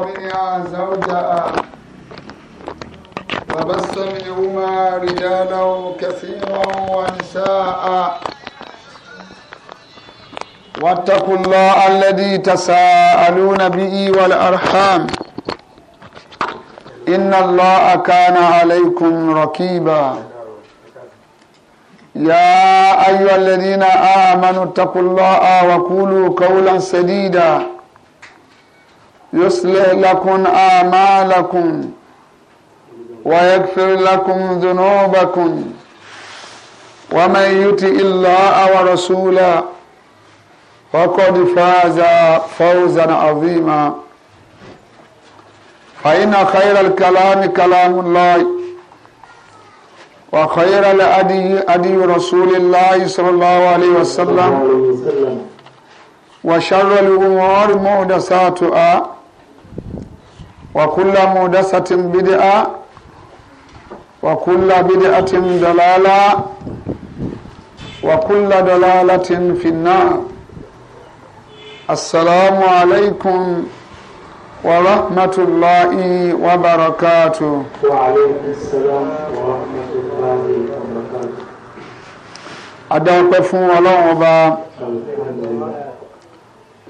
منها زوجها وبس منهما رجالا كثيرا ونساء واتقوا الله الذي تساءلون به والأرحام إن الله كان عليكم رقيبا يا أيها الذين آمنوا اتقوا الله وقولوا قولا سديدا يصلح لكم آمالكم ويغفر لكم ذنوبكم ومن يطع الله ورسوله فقد فاز فوزا عظيما فإن خير الكلام كلام الله وخير الأدي أدي رسول الله صلى الله عليه وسلم وشر الأمور مهدساتها وكل مودسة بدعة وكل بدعة دلالة وكل دلالة في النار السلام عليكم ورحمة الله وبركاته وعليكم السلام ورحمة الله وبركاته أدعوك فون الله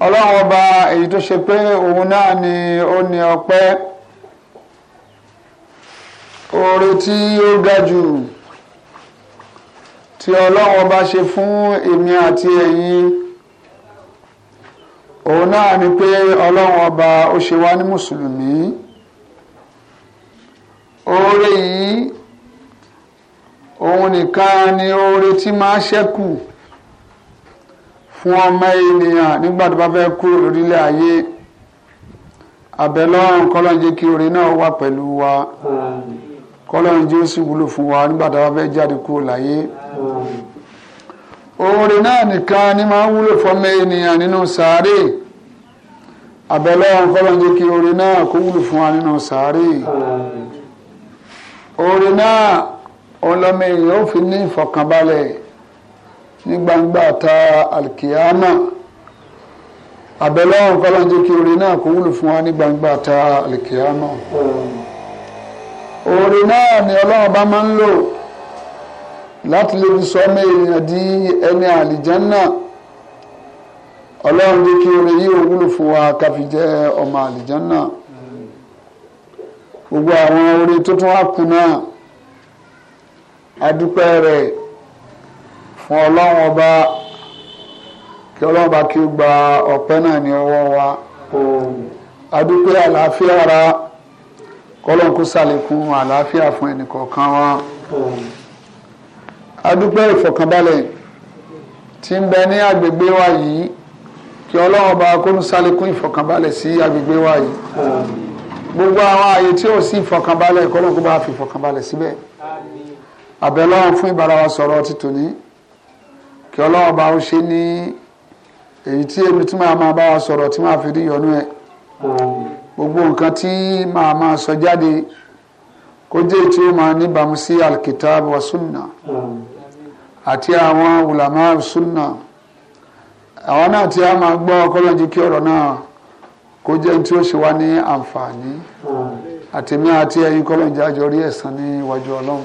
ọlọ́run ọba èyí tó ṣe pé òun náà ni ó ní ọpẹ́ oore tí ó ga jù tí ọlọ́run ọba ṣe fún èmi àti ẹ̀yin òun náà ni pé ọlọ́run ọba ó ṣe wá ní mùsùlùmí oore yìí òun nìkan ni oore tí máa ṣẹ́kù fún ọmọ ènìyàn nígbà tó bá fẹ́ kúrò lórílẹ̀ ayé àbẹ̀lọ́run kọ́lọ́njẹ́ kí orin náà wà pẹ̀lú wa kọ́lọ́njẹ́ ó sì wúlò fún wa nígbà tó bá fẹ́ jáde kúrò láyé orin náà nìkan ni máa ń wúlò fọmọ ènìyàn nínú sàárè àbẹ̀lọ́run kọ́lọ́njẹ́ kí orin náà kó wúlò fún wa nínú sàárè orin náà ọlọ́mọ èèyàn ó fi ní ìfọ̀kànbalẹ̀ ní gbangba ta alkiyama àbẹ̀lọ́wọ̀n kọ́lọ́njẹ́ kí orin náà kó wúlò fún wa ní gbangba ta alkiyama orin náà ni ọlọ́run bá máa ń lò láti lè fi sọ ọmọ èèyàn di ẹni àlìjánná ọlọ́run jẹ́ kí orin yìí wúlò fún wa ká fi jẹ́ ọmọ àlìjánná gbogbo àwọn orin tó tún wá kù náà adúpẹ́ rẹ̀ fún ọlọ́run ọba kí ọlọ́run ọba kí ó gba ọpẹ́ náà ní ọwọ́ wa adúpẹ́ àlàáfíà ara kọ́lọ́n kó ṣàlékún àlàáfíà fún ẹnìkọ̀ọ̀kan wa adúpẹ́ ìfọ̀kànbalẹ̀ tí ń bẹ ní agbègbè wa yìí kí ọlọ́run ọba kó ń ṣàlékún ìfọ̀kànbalẹ̀ sí agbègbè wa yìí gbogbo àwọn àyè tí ò sí ìfọ̀kànbalẹ̀ kọ́lọ́n kó bá fi ìfọ̀kànbalẹ̀ síbẹ̀ àbẹ̀lọ́run fún ìbára wa sọ̀rọ̀ ti tòní kí ọlọ́run bá ó ṣe ní èyí tí èmi tí màá máa bá wa sọ̀rọ̀ tí màá fi rí yọnú ẹ̀ gbogbo nǹkan tí màá máa sọ jáde kó jẹ́ tí ó máa níbàámu sí alkitab wa sunna àti àwọn ulama sunna àwọn náà tí a máa gbọ́ kọ́lọ́jì kí ọ̀rọ̀ náà kó jẹ́ tí ó ṣe wá ní àǹfààní àtẹ̀mí àti ẹ̀yin kọ́lọ́jì àjọ rí ẹ̀san ní ọlọ́run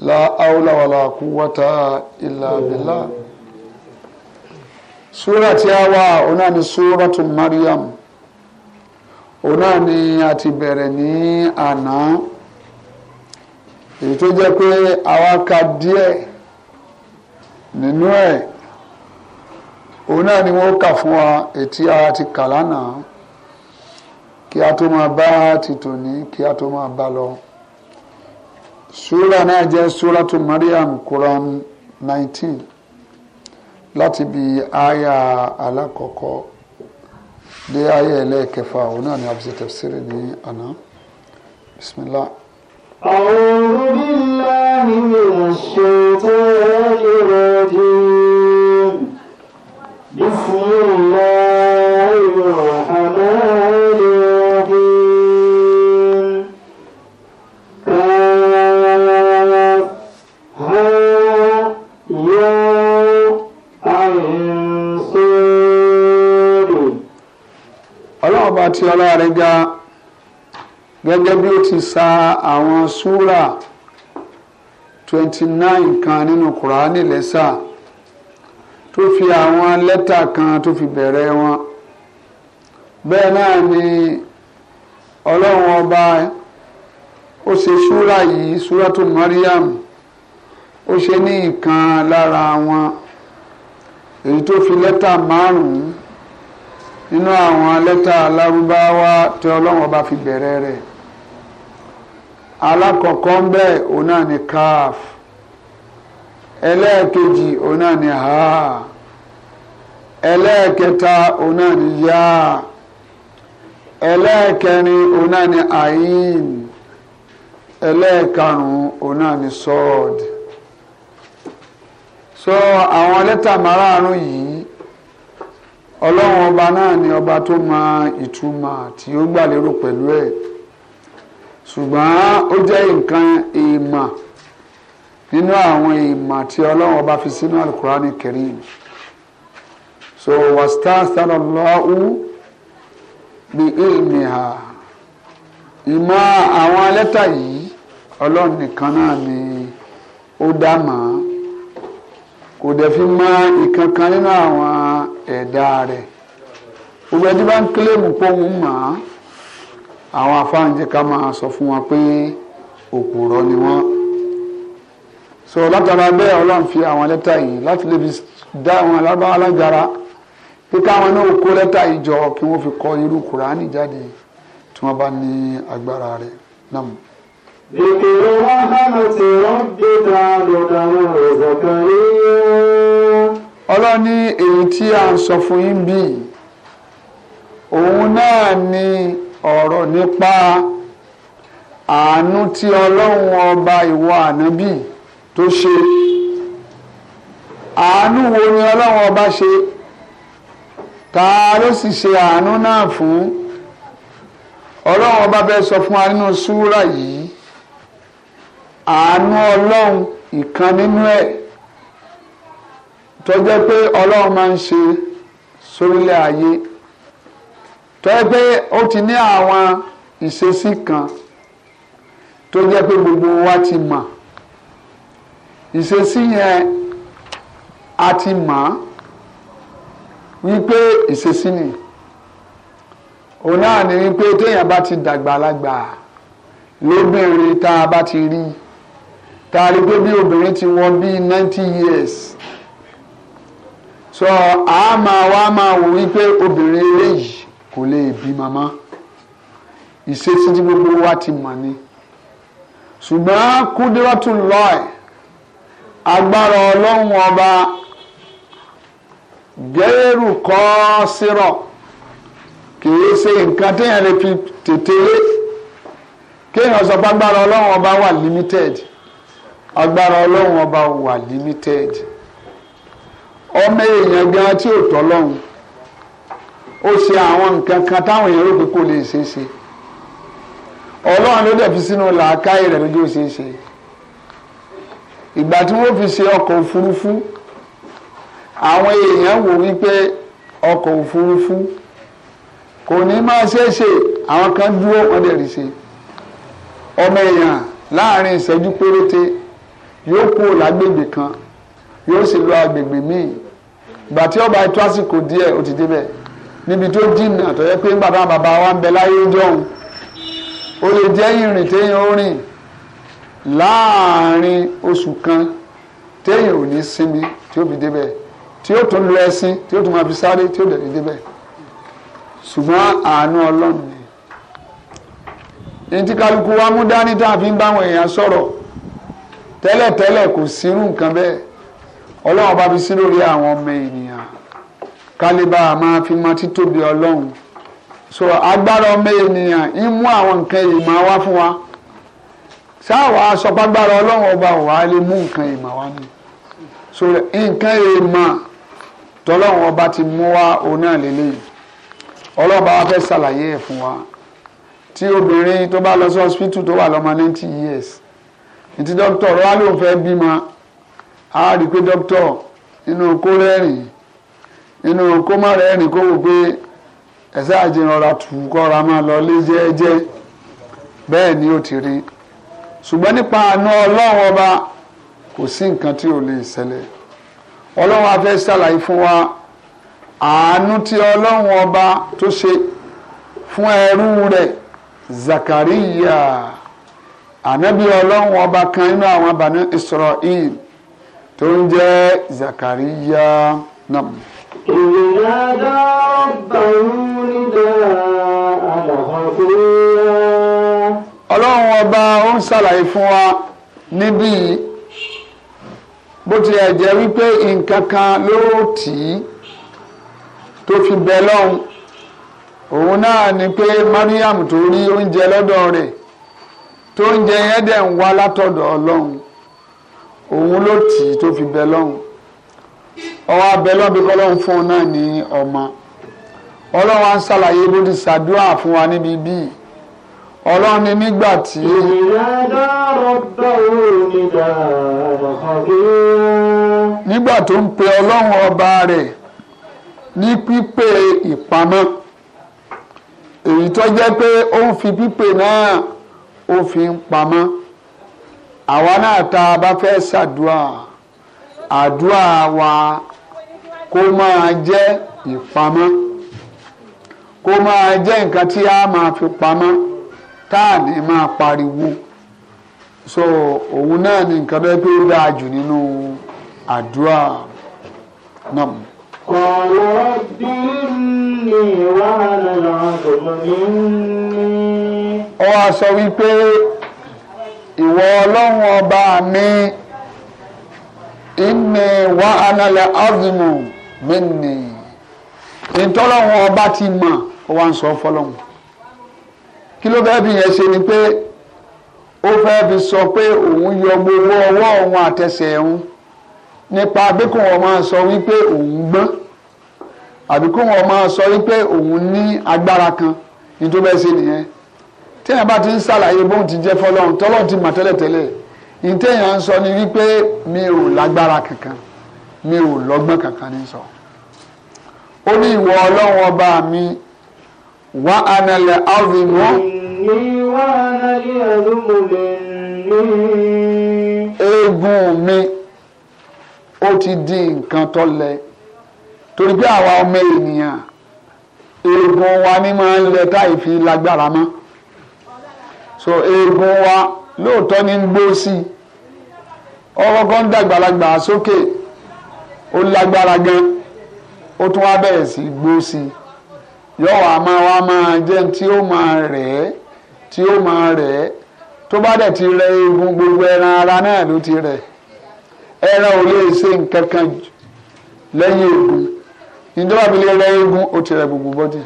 la haula wala quwwata illa billah sura tí a wà òun náà ni suratu Maryam òun náà ni a ti bẹ̀rẹ̀ ní àná èyí tó jẹ́ pé àwa ka díẹ̀ nínú ẹ̀ òun náà ni wọ́n kà fún wa ètí a ti kà lánàá kí a tó máa bá tìtò ní kí a tó máa bá lọ súra náà jẹ́ súratu Maryam Quran nineteen láti bi aya alákọ̀ọ́kọ́ dé aya ẹlẹ́ẹ̀kẹfà òun náà ni àbùsẹ̀ tafsiri ní àná bismillah. أعوذ بالله من الشيطان الرجيم ọlọ́wà rẹ̀ ga gẹ́gẹ́ bí ó ti sa àwọn súrà twenty nine kan nínú kùránì lẹ́sà tó fi àwọn lẹ́tà kan tó fi bẹ̀rẹ̀ wọn bẹ́ẹ̀ náà ni ọlọ́run ọba ó ṣe súrà yìí súrà tó Mariam ó ṣe ní ìkan lára wọn èyí tó fi lẹ́tà márùn-ún nínú àwọn lẹ́tà alárúbáwá tí ọlọ́wọ́ bá fi bẹ̀rẹ̀ rẹ̀ alákọ̀ọ́kọ́ ń bẹ̀ òun náà ni ẹlẹ́ẹ̀kejì òun náà ha ẹlẹ́ẹ̀kẹta òun náà ni ya ẹlẹ́ẹ̀kẹrin òun náà ni ayin ẹlẹ́ẹ̀karùn-ún òun náà ni sọ́ọ̀d àwọn lẹ́tà márààrún yìí ọlọ́run ọba náà ni ọba tó mọ ìtumọ̀ tí ó gbà lérò pẹ̀lú ẹ̀ ṣùgbọ́n ó jẹ́ nǹkan ìmọ̀ nínú àwọn ìmọ̀ tí ọlọ́run ọba fi sínú alukurani karim so wàstáṣálọ̀ lọ́hù bí ìmìhà ìmọ̀ àwọn lẹ́tà yìí ọlọ́run nìkan náà ni ó dá mọ́ kò dẹ̀ fi mọ ìkankan nínú àwọn ẹ̀dá rẹ̀ gbogbo ẹni bá ń kílèmù pọ́hùn mà á àwọn afáǹjẹ ká máa sọ fún wọn pé òpùrọ̀ ni wọ́n so látara bẹ́ẹ̀ ọlọ́run fi àwọn lẹ́tà yìí láti lè fi dá àwọn alábáwá alágara pé káwọn náà kó lẹ́tà yìí jọ kí wọ́n fi kọ irú kùránì jáde tí wọ́n bá ní agbára rẹ̀ náà. ذكر رحمة ربك عبده زكريا ọlọ́run ní èyí tí a ń sọ fún yín bí òun náà ni ọ̀rọ̀ nípa àánú tí ọlọ́run ọba ìwọ ànábì tó ṣe àánú wo ni ọlọ́run ọba ṣe ta ló sì ṣe àánú náà fún ọlọ́run ọba fẹ́ sọ fún wa nínú súrà yìí àánú ọlọ́run ìkan nínú ẹ̀. E tó jẹ́ pé ọlọ́run máa ń ṣe sórílẹ̀ ayé tó jẹ́ pé ó ti ní àwọn ìṣesí kan tó jẹ́ pé gbogbo wa ti mọ̀ ìṣesí yẹn a ti mọ̀ wípé ìṣesí ni òun náà ní wípé téèyàn bá ti dàgbà lágbà lóbìnrin tá a bá ti rí tá a rí pé bí obìnrin ti wọ bíi ninety years sọ a máa wá máa wò wípé obìnrin eléyìí kò lè bí màmá ìṣesí tí gbogbo wa ti mọ̀ ni ṣùgbọ́n kúndírọ́tù lọ́ọ̀ agbára ọlọ́run ọba gẹ́rù kọ́ sírọ̀ kìí ṣe nǹkan téèyàn lè fi tètè lé kéèyàn sọ pé agbára ọlọ́run ọba wà limited agbára ọlọ́run ọba wà limited ọmọ èèyàn gan tí ò tọ́ lọ́hùn ó ṣe àwọn nǹkan kan táwọn èèyàn rò pé kò lè ṣeé ṣe ọlọ́run ló dẹ̀ fi sínú làákàyè rẹ̀ lójú ó ṣeé ṣe ìgbà tí wọ́n fi ṣe ọkọ̀ òfurufú àwọn èèyàn wò wípé ọkọ̀ òfurufú kò ní máa ṣeé ṣe àwọn kan dúró wọn dẹ̀ rí ṣe ọmọ èèyàn láàrin ìṣẹ́jú péréte yóò kúrò lágbègbè kan yóò sì lọ agbègbè míì gbà tí ọba ètò àsìkò díẹ̀ ó ti débẹ̀ níbi tó jìnnà tó yẹ pé ńgbà táwọn bàbá wa ń bẹ láyé jọ̀hún ó lè jẹ́ ìrìn téèyàn ó rìn láàárín oṣù kan téèyàn ò ní sinmi tí ó fi débẹ̀ tí ó tún lo ẹṣin tí ó tún máa fi sáré tí ó dẹ̀ ní débẹ̀ ṣùgbọ́n àánú ọlọ́run ni ní tí kálukú wa mú dání tá a fi ń báwọn èèyàn sọ̀rọ̀ tẹ́lẹ̀tẹ́lẹ̀ kò sírú nǹkan bẹ́ẹ̀ ọlọ́run bá fi sí lórí àwọn ọmọ ènìyàn kálíbà máa fi mọ títóbi ọlọ́run so agbára ọmọ ènìyàn ń mú àwọn nǹkan ìmọ̀ wá fún wa sáwà sọpágbára ọlọ́run ọba ò wá lè mú nǹkan ìmọ̀ wá ni so nǹkan ìmọ̀ tọ́lọ́run ọba ti mú wá òun náà lélẹ́yìn ọlọ́run bá wa fẹ́ ṣàlàyé ẹ̀ fún wa tí obìnrin tó bá lọ sí hospital tó wà lọ́mọ ninety years ìtí dókítà ọ̀rọ̀ wa ló ń fẹ́ bímọ A rí i pé dókítà nínú kó rẹ́rìn nínú kó má rẹ́rìn kó wò pé ẹ̀sẹ̀ àjẹrànra tù kọ́ra máa lọ lé jẹ́ẹ́jẹ́ bẹ́ẹ̀ ni ó ti rí ṣùgbọ́n nípa àánú ọlọ́run ọba kò sí nǹkan tí ò lè ṣẹlẹ̀ ọlọ́run afẹ́ ṣàlàyé fún wa àánú tí ọlọ́run ọba tó ṣe fún ẹrú rẹ̀ Zakariya ànábì ọlọ́run ọba kan nínú àwọn Banu Israel tó ń jẹ́ Zakariya náà. ìyá dábàrú nígbà àlàkàfíà. ọlọ́run ọba ó ń ṣàlàyé fún wa níbí bó tilẹ̀ jẹ́ wípé nǹkan kan ló tì í tó fi bẹ lọ́hùn òun náà ni pé Mariam tó rí oúnjẹ lọ́dọ̀ rẹ̀ tó oúnjẹ yẹn dẹ̀ ń wá látọ̀dọ̀ ọlọ́run òun ló tì í tó fi bẹ lọ́hùn ọwọ́ abẹ lọ́hùn bí kọ́lọ́hùn fún un náà ní ọmọ ọlọ́run á ń ṣàlàyé bó ti ṣàdúrà fún wa níbi bíi ọlọ́run ni nígbà tí. nígbà tó ń pe ọlọ́run ọba rẹ̀ ní pípé ìpamọ́ èyí tó jẹ́ pé ó ń fi pípé náà ó fi ń pamọ́ àwa náà tá a bá fẹ́ ṣàdúà àdúà wa kó máa jẹ́ ìpamọ́ kó máa jẹ́ nǹkan tí a máa fi pamọ́ tá à ní máa pariwo so òun náà ni nǹkan tó yẹ pé ó dáa jù nínú àdúrà náà. قال رب إني وهن العظم مني. ó wá ìwọ ọlọ́run ọba mi ìmì wà ánálẹ̀ ọ́dùnmù mi nì ìtọ́lọ́run ọba ti mọ̀ ó wá ń sọ fọlọ́run kí ló fẹ́ẹ́ fi yẹn ṣe ni pé ó fẹ́ẹ́ fi sọ pé òun yọ gbogbo ọwọ́ òun àtẹsẹ̀ òun nípa abẹ́kùn wọn máa sọ wípé òun gbọ́n àbíkùn wọn máa sọ wípé òun ní agbára kan ní bẹ́ẹ̀ ṣe nìyẹn téèyàn bá ti ń ṣàlàyé bóun ti jẹ́ fọlọ́run tọ́lọ́run ti mọ̀ tẹ́lẹ̀tẹ́lẹ̀ ìtẹ̀yàn ń sọ ni wípé mi ò lágbára kankan mi ò lọ́gbọ́n kankan ní sọ. ó ní ìwọ ọlọ́run ọba mi wá ànálẹ̀ alvin mọ́. èmi wá ànálẹ̀ àlùmọ̀lẹ̀ mi. eegun mi ó ti di nǹkan tó torí pé àwa ọmọ ènìyàn eegun wa ni máa ń lẹ táì fi lágbára mọ́ so eegun wa lóòótọ́ ní gbó sí i ọkọ̀ọ̀kan dàgbàlagbà sókè ó lágbára gan ó tún wá bẹ̀rẹ̀ sí gbó sí i yọ̀wọ̀ a máa wá máa jẹ́ tí ó máa rẹ̀ ẹ́ tí ó máa rẹ̀ ẹ́ tó bá dẹ̀ ti rẹ eegun gbogbo ẹran ara náà ló ti rẹ̀ ẹran ò lè ṣe nǹkan kan lẹ́yìn eegun ìjọba mi lè rẹ eegun ó ti rẹ gbogbo bọ́dì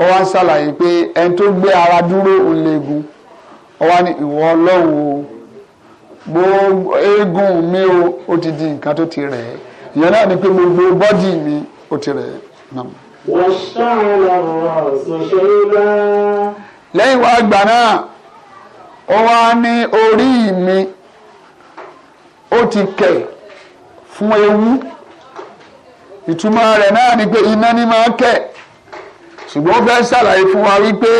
ọ wá ń ṣàlàyé pé ẹni tó gbé ara dúró òun lè gun ọwọ́ ní ìwọ ọlọ́wọ́ gbogbo eégún mi o ó ti di nǹkan tó ti rẹ̀ ìyẹn náà ni pé gbogbo bọ́dì mi ó ti rẹ̀ náà. wọ́n ṣàlọ́ ọ̀sán ṣe é bá. lẹ́yìn wá gbà náà ó wá ní orí mi ó ti kẹ̀ fún ewu ìtumọ̀ rẹ̀ náà ni pé iná ni máa kẹ̀ ṣùgbọ́n ó fẹ́ ṣàlàyé fún wa wípé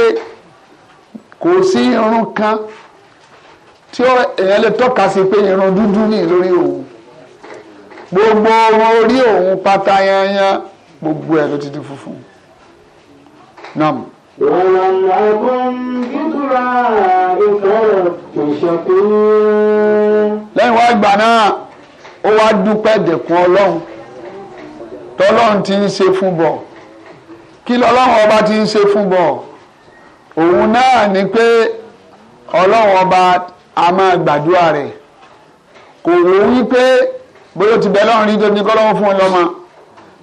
kò sí irun kan tí èèyàn lè tọ́ka sí pé irun dúdú ní lórí òun gbogbo wọn orí òun pátá yanyan gbogbo ẹ̀ ló ti di funfun nam. lẹ́yìn wá gbà náà ó wá dúpẹ́ dẹ̀kun ọlọ́run tọ́lọ́run ti ń ṣe fún bọ̀ kí lọ́lọ́run ọba ti ń ṣe fún bọ̀ òun náà ni pé ọlọ́run ọba a máa gbàdúrà rẹ̀ kò wò wípé bóyá ti bẹ́ẹ̀ lọ́run rí tó ní kọ́lọ́run fún ọlọ́mọ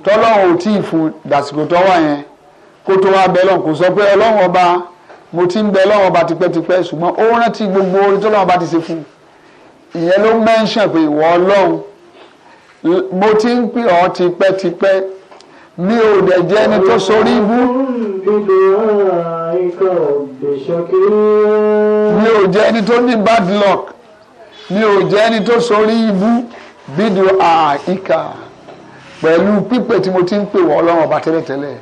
tọ́lọ́run ò tí ì fún dàsìkò tó wà yẹn kó tó wá bẹ́ẹ̀ lọ́run kò sọ pé ọlọ́run ọba mo ti ń bẹ lọ́run ọba tipẹ́tipẹ́ ṣùgbọ́n ó rántí gbogbo orí tọ́lọ́run ọba ti ṣe fún ìyẹn ló mẹ́ńṣàn pé ìwọ ọlọ́run mo ti ń pè ọ́ tipẹ́tipẹ́ mi ò dẹ̀ jẹ́ ẹni tó sórí ibú. mi ò jẹ́ ẹni tó ní bad luck mi ò jẹ́ ẹni tó sórí ibú bídò àìkà pẹ̀lú pípè tí mo ti ń pè wọ́n ọlọ́run ọba tẹ́lẹ̀tẹ́lẹ̀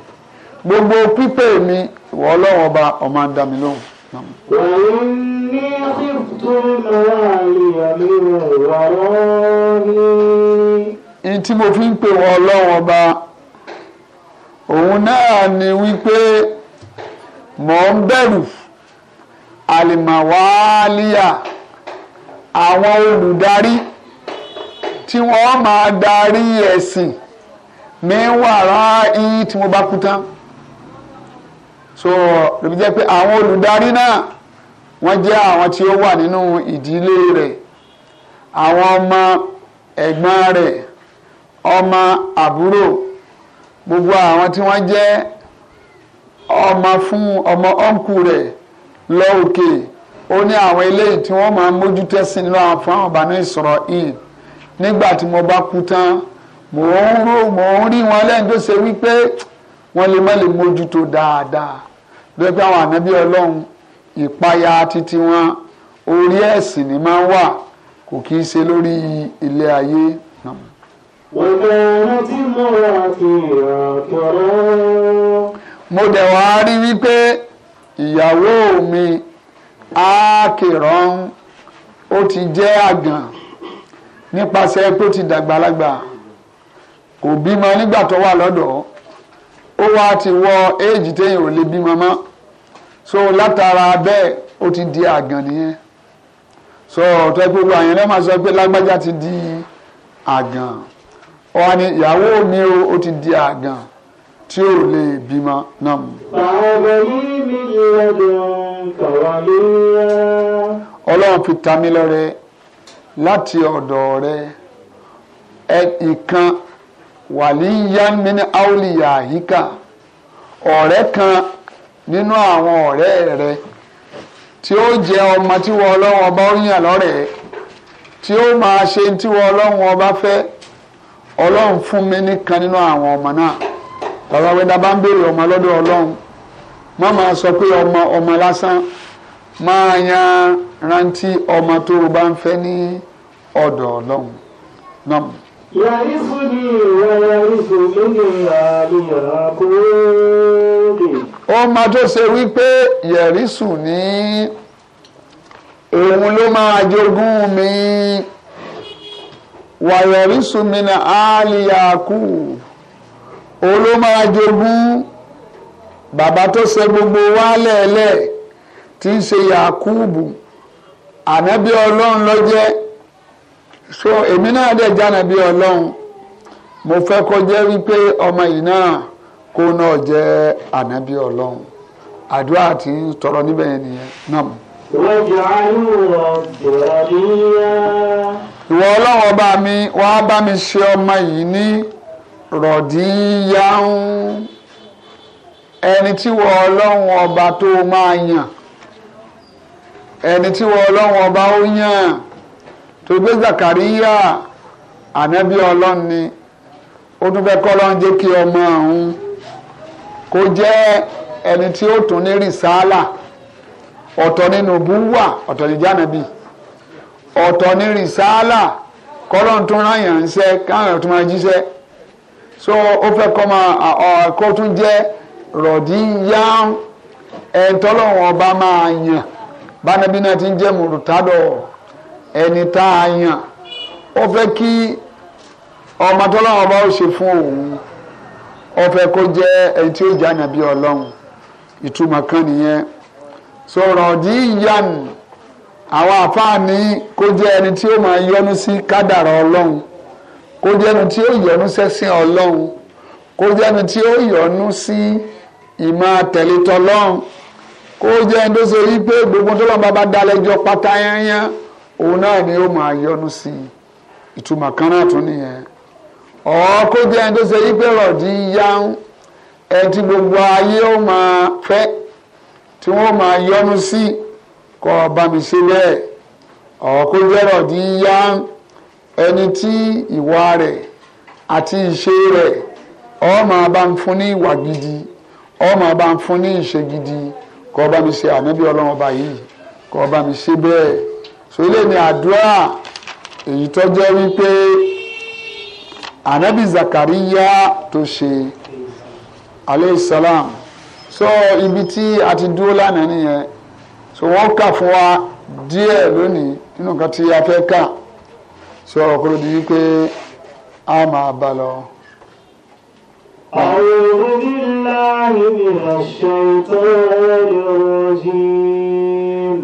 gbogbo pípè mi wọ́n ọlọ́run ọba ọmọ àdá mi lóhùn. Ìtí mo fi ń pè wọ́n ọlọ́run ọba òun náà ni wípé mò ń bẹ̀rù àlìmọ̀wálíyà àwọn olùdarí tí wọ́n máa darí ẹ̀sìn mi wàrà yín tí mo bá kú tán so lóbi jẹ́ pé àwọn olùdarí náà wọ́n jẹ́ àwọn tí ó wà nínú ìdílé rẹ̀ àwọn ọmọ ẹ̀gbọ́n rẹ̀ ọmọ àbúrò gbogbo àwọn tí wọ́n jẹ́ ọmọ fún ọmọ ọ̀nkù rẹ̀ lọ òkè ó ní àwọn eléyìí tí wọ́n máa mójútẹ́sìn lọ́wọ́ fún àwọn Banu Israel nígbà tí mo bá kú tán mò ń rò mò ń rí wọn lẹ́yìn tó ṣe wípé wọ́n lè má lè mójútó dáadáa lórí pé àwọn ànábí ọlọ́run ìpayà títí wọn orí ẹ̀sìn ni máa ń wà kò kí í ṣe lórí ilé ayé. وكانت امرأتي عاقرا mo dẹ̀ wá rí wípé ìyàwó mi ákèrán ó ti jẹ́ àgàn nípasẹ̀ pé ó ti dàgbàlagbà kò bímọ nígbà tó wà lọ́dọ̀ ó wá ti wọ éèjì téèyàn ò lè bímọ mọ́ so látara bẹ́ẹ̀ ó ti di àgàn nìyẹn so ọ̀tọ́ gbogbo àyẹ̀lẹ́ máa sọ pé lágbájá ti di àgàn. wọ́n ní ìyàwó mi o ó ti di àgàn tí ò lè bímọ náà. bàbá yìí mi lè ọdún kàwá léyà. ọlọ́run fi ta mí lọ́rẹ láti ọ̀dọ̀ rẹ̀, ẹ ìkan wàlíyá mini áúlìyà àyíká ọ̀rẹ́ kan nínú àwọn ọ̀rẹ́ rẹ tí ó jẹ ọmọ tí wọ́n ọlọ́run ọba ó yàn lọ́rẹ̀ẹ́ tí ó máa ṣe tí wọ́n ọlọ́run ọba fẹ́ ọlọ́run fún mi nìkan nínú àwọn ọmọ náà bàbá wẹ́dá bá ń béèrè ọmọ lọ́dọ̀ ọlọ́run má máa sọ pé ọmọ ọmọ lásán máa yan rántí ọmọ tó o bá ń fẹ́ ní ọ̀dọ̀ ọlọ́run náà. yàrá fún mi ìwọ̀n ìfún mi ní àlùyà kó lè. ó tó ṣe wípé yẹ̀rísù ní òun ló máa jogún mi wàyọ̀rí sùnmínà àlìyàkú olómarajogún bàbá tó ṣe gbogbo wa lẹ́ẹ̀lẹ́ tí ń ṣe Yakubu ànábì ọlọ́run ló jẹ́ so èmi náà dẹ̀ jánàbí ọlọ́run mo fẹ́ kó jẹ́ wípé ọmọ yìí náà kó náà jẹ́ ànábì ọlọ́run àdúrà tí ń tọrọ níbẹ̀ yẹn nìyẹn náà. wọ́n jẹ́ àánú ọ̀gbìn ọ̀nìyàn ìwọ ọlọ́run ọba mi wá bá mi ṣe ọmọ yìí ní rọ̀díyáhùn ẹni tí ìwọ ọlọ́run ọba tó máa yàn ẹni tí ìwọ ọlọ́run ọba ó yàn tó gbé Zakariya ànábì ọlọ́run ni ó tún fẹ́ kọ́ lọ́n jẹ́ kí ọmọ ọ̀hún kó jẹ́ ẹni tí ó tún ní rìsáálà ọ̀tọ̀ nínú búwà ọ̀tọ̀ nìjànàbí. No ọ̀tọ̀ ní rìsáálà kọ́lọ́n tó rán yàn ṣẹ́ káwọn tó máa jíṣẹ́ so ó fẹ́ kọ́ máa kó tún jẹ́ rọ̀díyá ẹ̀ńtọ́lọ́wọ̀n ọba máa yàn bánabi náà ti ń jẹ́ mùrùtádọ̀ ẹni tá a yàn ó fẹ́ kí ọmọ tọ́lọ́wọ̀n ọba ó ṣe fún òun ó fẹ́ kó jẹ́ ẹni tí ó jẹ́ ànàbí ọlọ́run ìtumọ̀ kan nìyẹn so rọ̀díyá àwọn àfáà kó jẹ́ ẹni tí ó máa yọ́nú sí kadara ọlọ́run kó jẹ́ ẹni tí ó yọ́nú sẹ́sìn ọlọ́run kó ẹni tí ó sí ìmọ̀ àtẹ̀lẹ́tọ̀ ọlọ́run kó jẹ́ ẹni tó ṣe rí pé gbogbo tó lọ́nà bá dálẹ́jọ́ pátá yányán òun náà ni ó máa yọ́nú sí ìtumọ̀ kan náà tún nìyẹn ọ̀ kó jẹ́ ẹni tó ṣe rí pé rọ̀dí gbogbo ayé ó máa fẹ́ tí wọ́n máa sí. kọ́ bá mi sílẹ̀ ọ̀kọ́ jẹ́rọ̀ di yá ẹni tí ìwà rẹ̀ àti ìṣe rẹ̀ ó bá ń fún ní ìwà gidi ó máa bá ń fún ní ìṣe gidi kọ́ bá mi ṣe ànábì ọlọ́run ọba yìí kọ́ bá mi ṣe bẹ́ẹ̀ so ilé ni àdúrà èyí tó jẹ́ wípé ànábì Zakariya tó ṣe aleyhisalaam so ibi tí a ti dúró lánàá nìyẹn so wọ́n kà fún wa díẹ̀ lónìí nínú nǹkan tí a fẹ́ kà sí ọ̀rọ̀ kúrò di wípé a máa bá lọ. أعوذ بالله من الشيطان الرجيم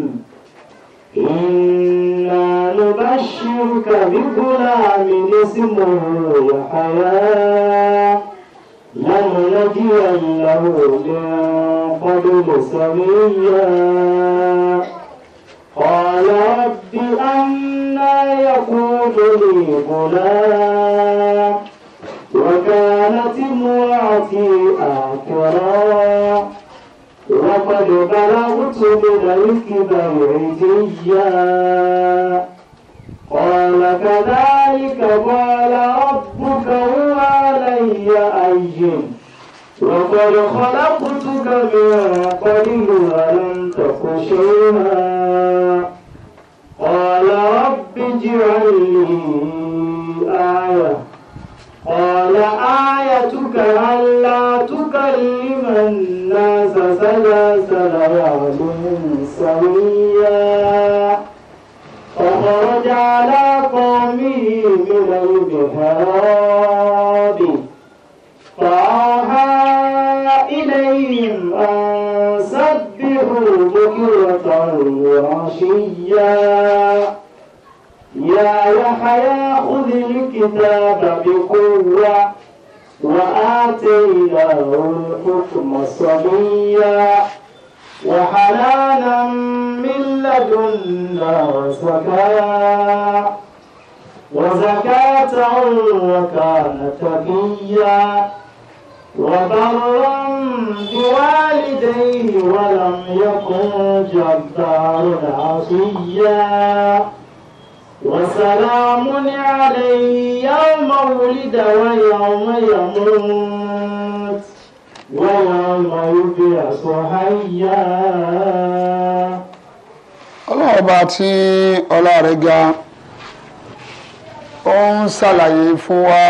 إنا نبشرك بغلام اسمه يحيى لنجزينه من قد سميا قال رب أنا يكون لي غلام وكانت امرأتي آكرا وقد بلغت من الكبر عتيا قال كذلك قال ربك هو علي أيم وقد خلقت سمع قلبها لم تك شيئا قال رب اجعل لي آية قال آيتك ألا تكلم الناس ثلاث ليال سويا فخرج على قومه من البحار عشيا يا يحيى خذ الكتاب بقوة وآتيناه الحكم صبيا وحنانا من لدنا وزكاة وزكاة وكان تقيا وبرا بوالديه ولم يكن جبارا عصيا وسلام عليه يوم ولد ويوم يموت ويوم يبعث حيا ọlọ́run ọba tí ọlá rẹ̀ ga ó ń ṣàlàyé fún wa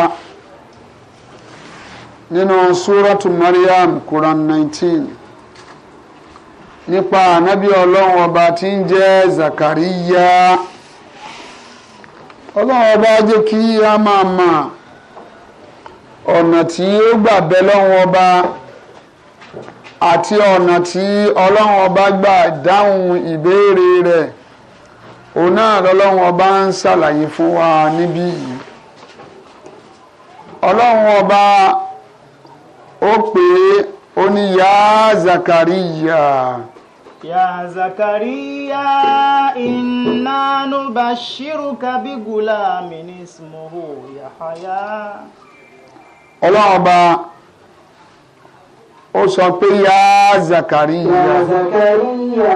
nínú suratu Maryam Quran nineteen nípa ànábì ọlọ́run ọba tí ń jẹ́ Zakariya ọlọ́run ọba jẹ́ kí a máa mọ ọ̀nà tí ó gbà bẹ lọ́run ọba àti ọ̀nà tí ọlọ́run ọba gbà dáhùn ìbéèrè rẹ̀ òun náà lọ́lọ́run ọba ń ṣàlàyé fún wa níbí yìí ọlọ́run ọba ó pè é ó ní yá Zakariya. يا زكريا إنا نبشرك بغلام اسمه يحيى ọlọ́ọ̀ba ó sọ pé yá zakariya. yá zakariya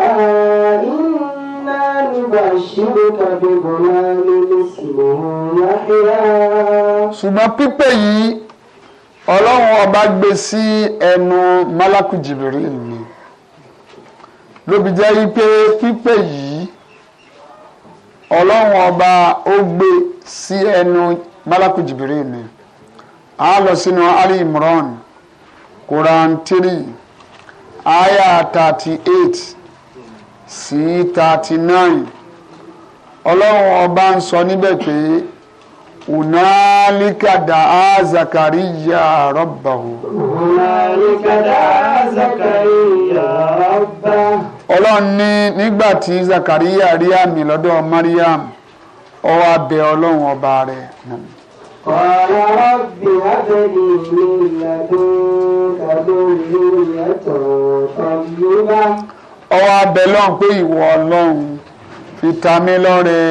iná nígbà ṣílẹ̀ tàbí bọ̀lá lórí ìsìnkú yáhíá. ṣùgbọ́n pípé yìí ọlọ́run ọba gbé sí ẹnu malaku Jibril ni lóbi jẹ́ wípé pípé yìí ọlọ́run ọba ó gbé sí ẹnu malaku Jibril ni a lọ sínú Ali Imran Quran three aya thirty eight sí thirty nine ọlọ́run ọba ń sọ níbẹ̀ pé. Hunalika da'a Zakariya rabbahu. Hunalika da'a Zakariya rabbahu. Ọlọ́run ní nígbà tí Zakariya rí àmì lọ́dọ̀ Mariam, ó wá bẹ Ọlọ́run ọba rẹ̀. Qala rabbi habli min ladunka dhurriyyatan tayyibah. Ó wá bẹ Ọlọ́run pé ìwọ Ọlọ́run fi ta mí lọ́rẹ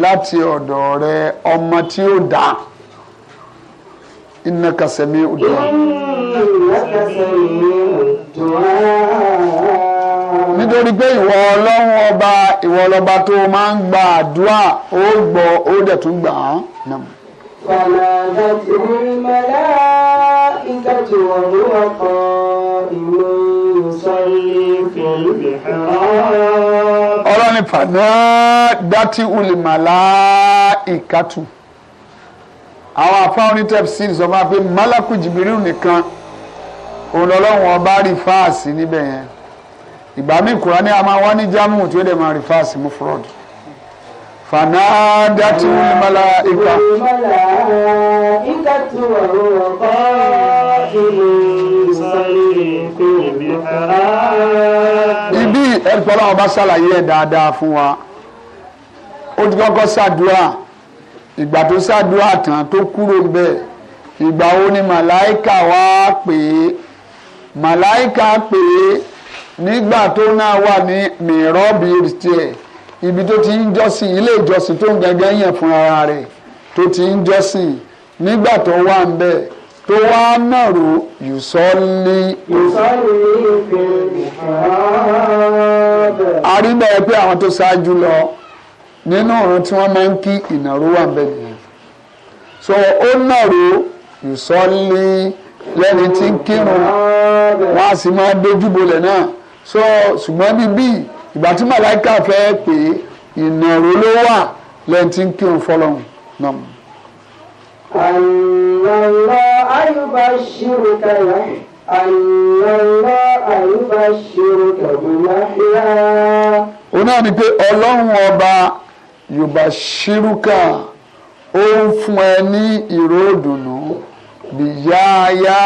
láti ọ̀dọ̀ rẹ ọmọ tí ó dá iná kàsẹ̀mí ọdún. nítorí pé ìwọ ọlọ́run ọba ìwọ ọlọ́ba tó máa ń gba àdúrà ó gbọ́ ó dẹ̀ tún gbà á. فنادته الملائكة وهو قائم يصلي في المحراب ọlọ́ni fàdádátì olùmọ̀láìkàtù àwọn afáwọn onítẹ̀sí sọ fún wa pé malaku jìbìrì nìkan òun lọ́lọ́run ọba rí fáàsì níbẹ̀ yẹn ìgbà míì kùránì a máa wá ní jámù tí ó dẹ̀ máa rí mú fúrọ́ọ̀dù فنادت الملائكة الملائكة وهو قائم ibi ẹ̀fọ́lá ọba ṣàlàyé ẹ̀ dáadáa fún wa ó ti kọ́kọ́ ṣàdúrà ìgbà tó ṣàdúrà tán tó kúrò bẹ́ẹ̀ ìgbà wo ni màláìkà wá pè é màláìkà pè é nígbà tó náà wà ní mìíràn bíi tiẹ̀ ibi tó ti ń jọ́sìn ilé ìjọsìn tó ń gẹ́gẹ́ yẹn fún ara rẹ̀ tó ti ń jọ́sìn nígbà tó wà ń bẹ̀ tó wá nàró yùsọ́lé. yùsọ́lé ìfẹ́ ìfẹ́. a rí bẹ́ẹ̀ pé àwọn tó ṣáájú lọ nínú ọ̀run tí wọ́n máa ń kí ìnàró wà ń bẹ̀ nìyẹn. so ó nàró yùsọ́lé lẹ́ni tí ń kírun wọ́n á sì máa dojú bolẹ̀ náà so ṣùgbọ́n bíbí ìgbà tí màláìka fẹ́ pé ìnàró ló wà lẹ́yìn tí ń kírun fọlọ́run náà. àlọ́lọ́ àyùbá ṣírò kẹlẹ́ àlọ́lọ́ àyùbá ṣírò kẹlẹ́ òun náà ni pé ọlọ́run ọba yorùbá ṣírùkà ó ń fún ẹ ní ìró ìdùnnú bìyáyá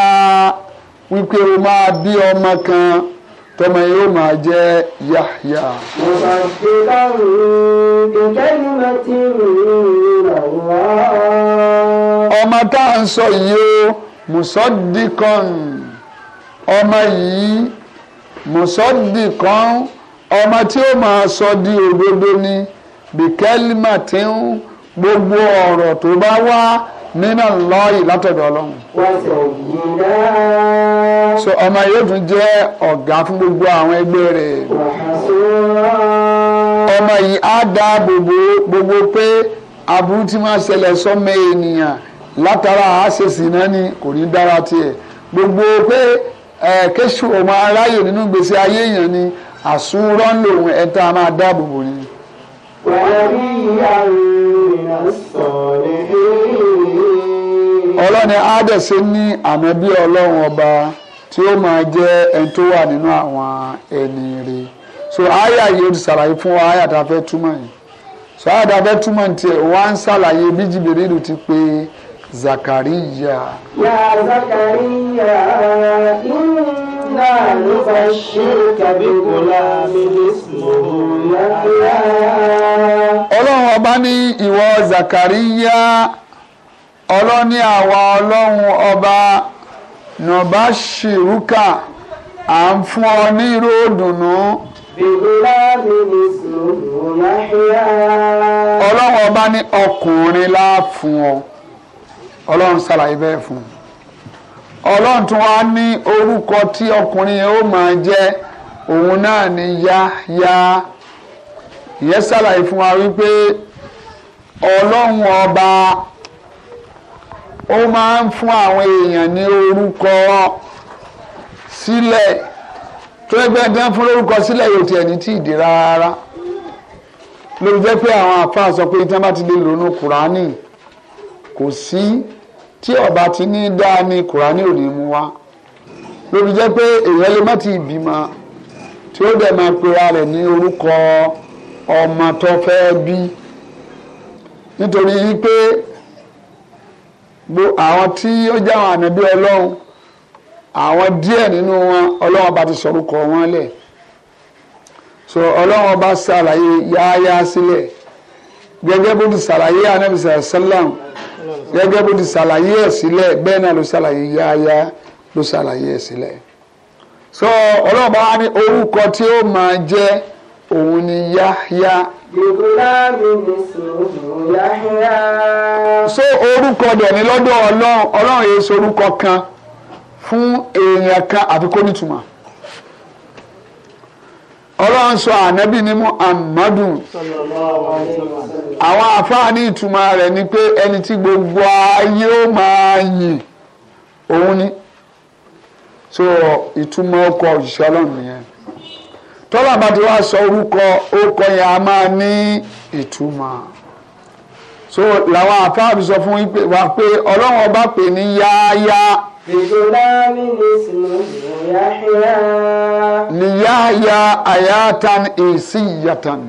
wípé o máa bí ọmọ kan tọmọ yóò máa jẹ́ yahya. ìṣàṣe láwùjọ kẹ̀kẹ́ ni mo ti rìn ìrànwọ́. ọmọ tá à ń sọ yìí o mùsọ́dìkan ọmọ yìí mùsọ́dìkan ọmọ tí ó máa sọ di òdodo ni bìkẹ́límà tí ń gbogbo ọ̀rọ̀ tó bá wá nínà lọ́ọ̀yì látọ̀dọ̀ ọlọ́run. so ọmọ yóò tún jẹ́ ọ̀gá fún gbogbo àwọn ẹgbẹ́ rẹ̀. ọmọ yìí á dá gbogbo gbogbo pé aburú tí máa ṣẹlẹ̀ sọ́mọ ènìyàn látara àṣeṣì náà ni kò ní dára tiẹ̀ gbogbo pé kéṣù ọmọ aráyè nínú gbèsè ayé èèyàn ni àsúrọ́ ń lòun ẹ̀ta máa dáàbò bò ni. wàá ìyá rẹ̀ nà sọ̀rọ̀ ẹ̀ ẹ́ ọlọ́ni ádẹ̀sẹ̀ ní ànábì ọlọ́run ọba tí ó máa jẹ́ ẹni tó wà nínú àwọn ẹni rẹ̀ so àyà yìí ó ti ṣàlàyé fún wa àyà tá a fẹ́ túmọ̀ yìí so àyà tá a fẹ́ túmọ̀ tiẹ̀ wá ń ṣàlàyé bí jìbìrì ìlú ti pé Zakariya. Ya Zakariya inna nubashiruka bi ghulamin ismuhu Yahya. ọlọ́run ọba ní ìwọ Zakariya ọlọ́ni àwa ọlọ́run ọba nọ̀bá ṣìrúkà à ń fún ọ ní ìró òdùnnú. ọlọ́run ọba ní ọkùnrin la fún ọ ọlọ́run ṣàlàyé bẹ́ẹ̀ fún un ọlọ́run tún wá ní orúkọ tí ọkùnrin yẹn ó máa jẹ́ òun náà ní yáyá ìyẹn ṣàlàyé fún wa wípé ọlọ́run ọba ó máa ń fún àwọn èèyàn ní orúkọ sílẹ̀ tó ẹgbẹ́ dán fún orúkọ sílẹ̀ yóò tiẹ̀ ní tí ì dé rárá lórí jẹ́ pé àwọn àfáà sọ pé tí wọ́n bá ti lè lónú kùránì kò sí tí ọba ti ní dáa ní kùránì ò ní mú wá lórí jẹ́ pé èèyàn lè má ti bímọ tí ó dẹ̀ máa pera rẹ̀ ní orúkọ ọmọ tó fẹ́ bí nítorí pé àwọn tí ó jẹ́ àwọn ànábì ọlọ́run àwọn díẹ̀ nínú wọn ọlọ́run bá ti sọ̀rọ̀ kọ́ wọn lẹ̀ so ọlọ́run bá ṣàlàyé yáyá sílẹ̀ gẹ́gẹ́ bó ti ṣàlàyé ànábì sàlám gẹ́gẹ́ bó ti ṣàlàyé ẹ̀ sílẹ̀ bẹ́ẹ̀ náà ló ṣàlàyé yáyá ló ṣàlàyé ẹ̀ sílẹ̀ so ọlọ́run bá wá ní orúkọ tí ó máa jẹ́ òun ni yáyá. Bùkúlá mi ní sùúrù yáyá. Ṣé orúkọ dẹ̀ ni lọ́dọ̀ Ọlọ́run Ọlọ́run yìí ṣe orúkọ kan fún èèyàn kan àfi kó nítumọ̀? Ọlọ́run sọ ànábì ní Muhammadu. Àwọn àfáàní ìtumọ̀ rẹ̀ ni pé ẹni tí gbogbo ayé ó máa yìn òun ni. So ìtumọ̀ ọkọ̀ òṣìṣẹ́ Ọlọ́run nìyẹn tọ́lá bá ti wá sọ orúkọ orúkọ yẹn a máa ní ìtumọ̀ so làwọn àfáàbí sọ fún wa pé ọlọ́run ọba pè ní yáyá. Bìgúlámi ní sinmi yáyá. Ní yáyá àyàtàn èsì yàtàn.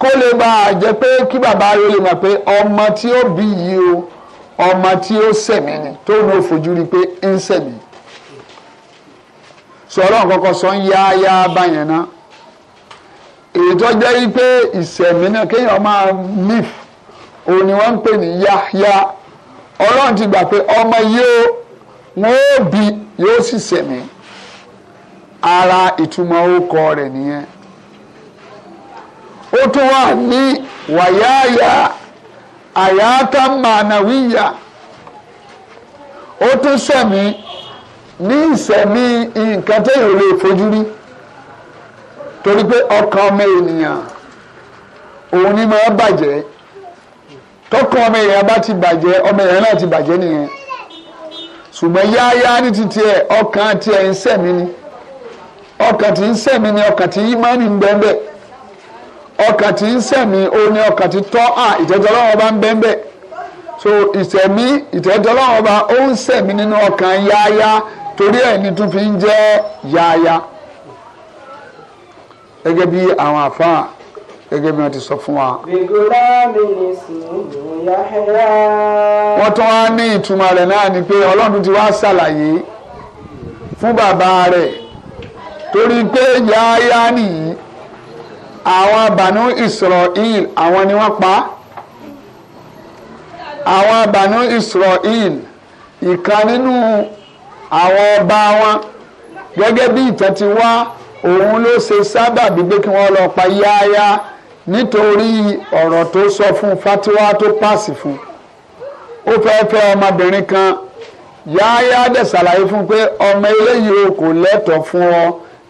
Kó lè bá a jẹ́ pé kí bàbá rẹ̀ lè mọ̀ pé ọmọ tí ó bí yìí o, ọmọ tí ó sẹ̀mí ni, tó ní fojú rí pé ń sẹ̀mí. sọ̀rọ̀ ọlọ́run sọ ń báyẹn ná èyí jẹ́ wípé ìsẹ̀mí náà kéèyàn máa mif òun ni wọ́n ń pè ní yáyá ọlọ́run ti gbà pé ọmọ yóò wọ́n ó yóò sì sẹ̀mí ara ìtumọ̀ orúkọ rẹ̀ nìyẹn ó tún ní ìsẹ̀mí nǹkan téèyàn lè fojú rí torí pé ọkàn ọmọ ènìyàn òun ni máa bàjẹ́ tọkàn ọmọ bá ti bàjẹ́ ọmọ èèyàn náà ti bàjẹ́ nìyẹn ṣùgbọ́n yáyá ní ti tiẹ̀ ọkàn tiẹ̀ ń ni ọkàn tí ń sẹ̀mí ni ọkàn tí ìmánì ń bẹ́ẹ̀ ọkàn ti ń ọkàn tọ́ à ìtẹ́jọ́ ọlọ́run ọba ń so ìsẹ̀mí ìtẹ́jọ́ ọlọ́run ọba ń nínú torí ẹ̀ ni tún fi ń jẹ́ yáyá gẹ́gẹ́ bí àwọn àfáà gẹ́gẹ́ bí wọ́n ti sọ fún wa. wọ́n tún wá ní ìtumọ̀ rẹ̀ náà ni pé ọlọ́run ti wá ṣàlàyé fún bàbá rẹ̀ torí pé yáyá nìyí àwọn bànú Israel àwọn ni wọ́n pa àwọn bànú Israel ìkan nínú àwọn ọba wọn gẹ́gẹ́ bí ìtàn ti wá òun ló ṣe sábàbí pé kí wọ́n lọ pa yáyá nítorí ọ̀rọ̀ tó sọ fún fatiwa tó pàṣẹ fún ó fẹ́ẹ́ fẹ́ ọmọbìnrin kan yáyá dẹ̀ ṣàlàyé fún pé ọmọ eléyìí o kò lẹ́tọ̀ọ́ fún ọ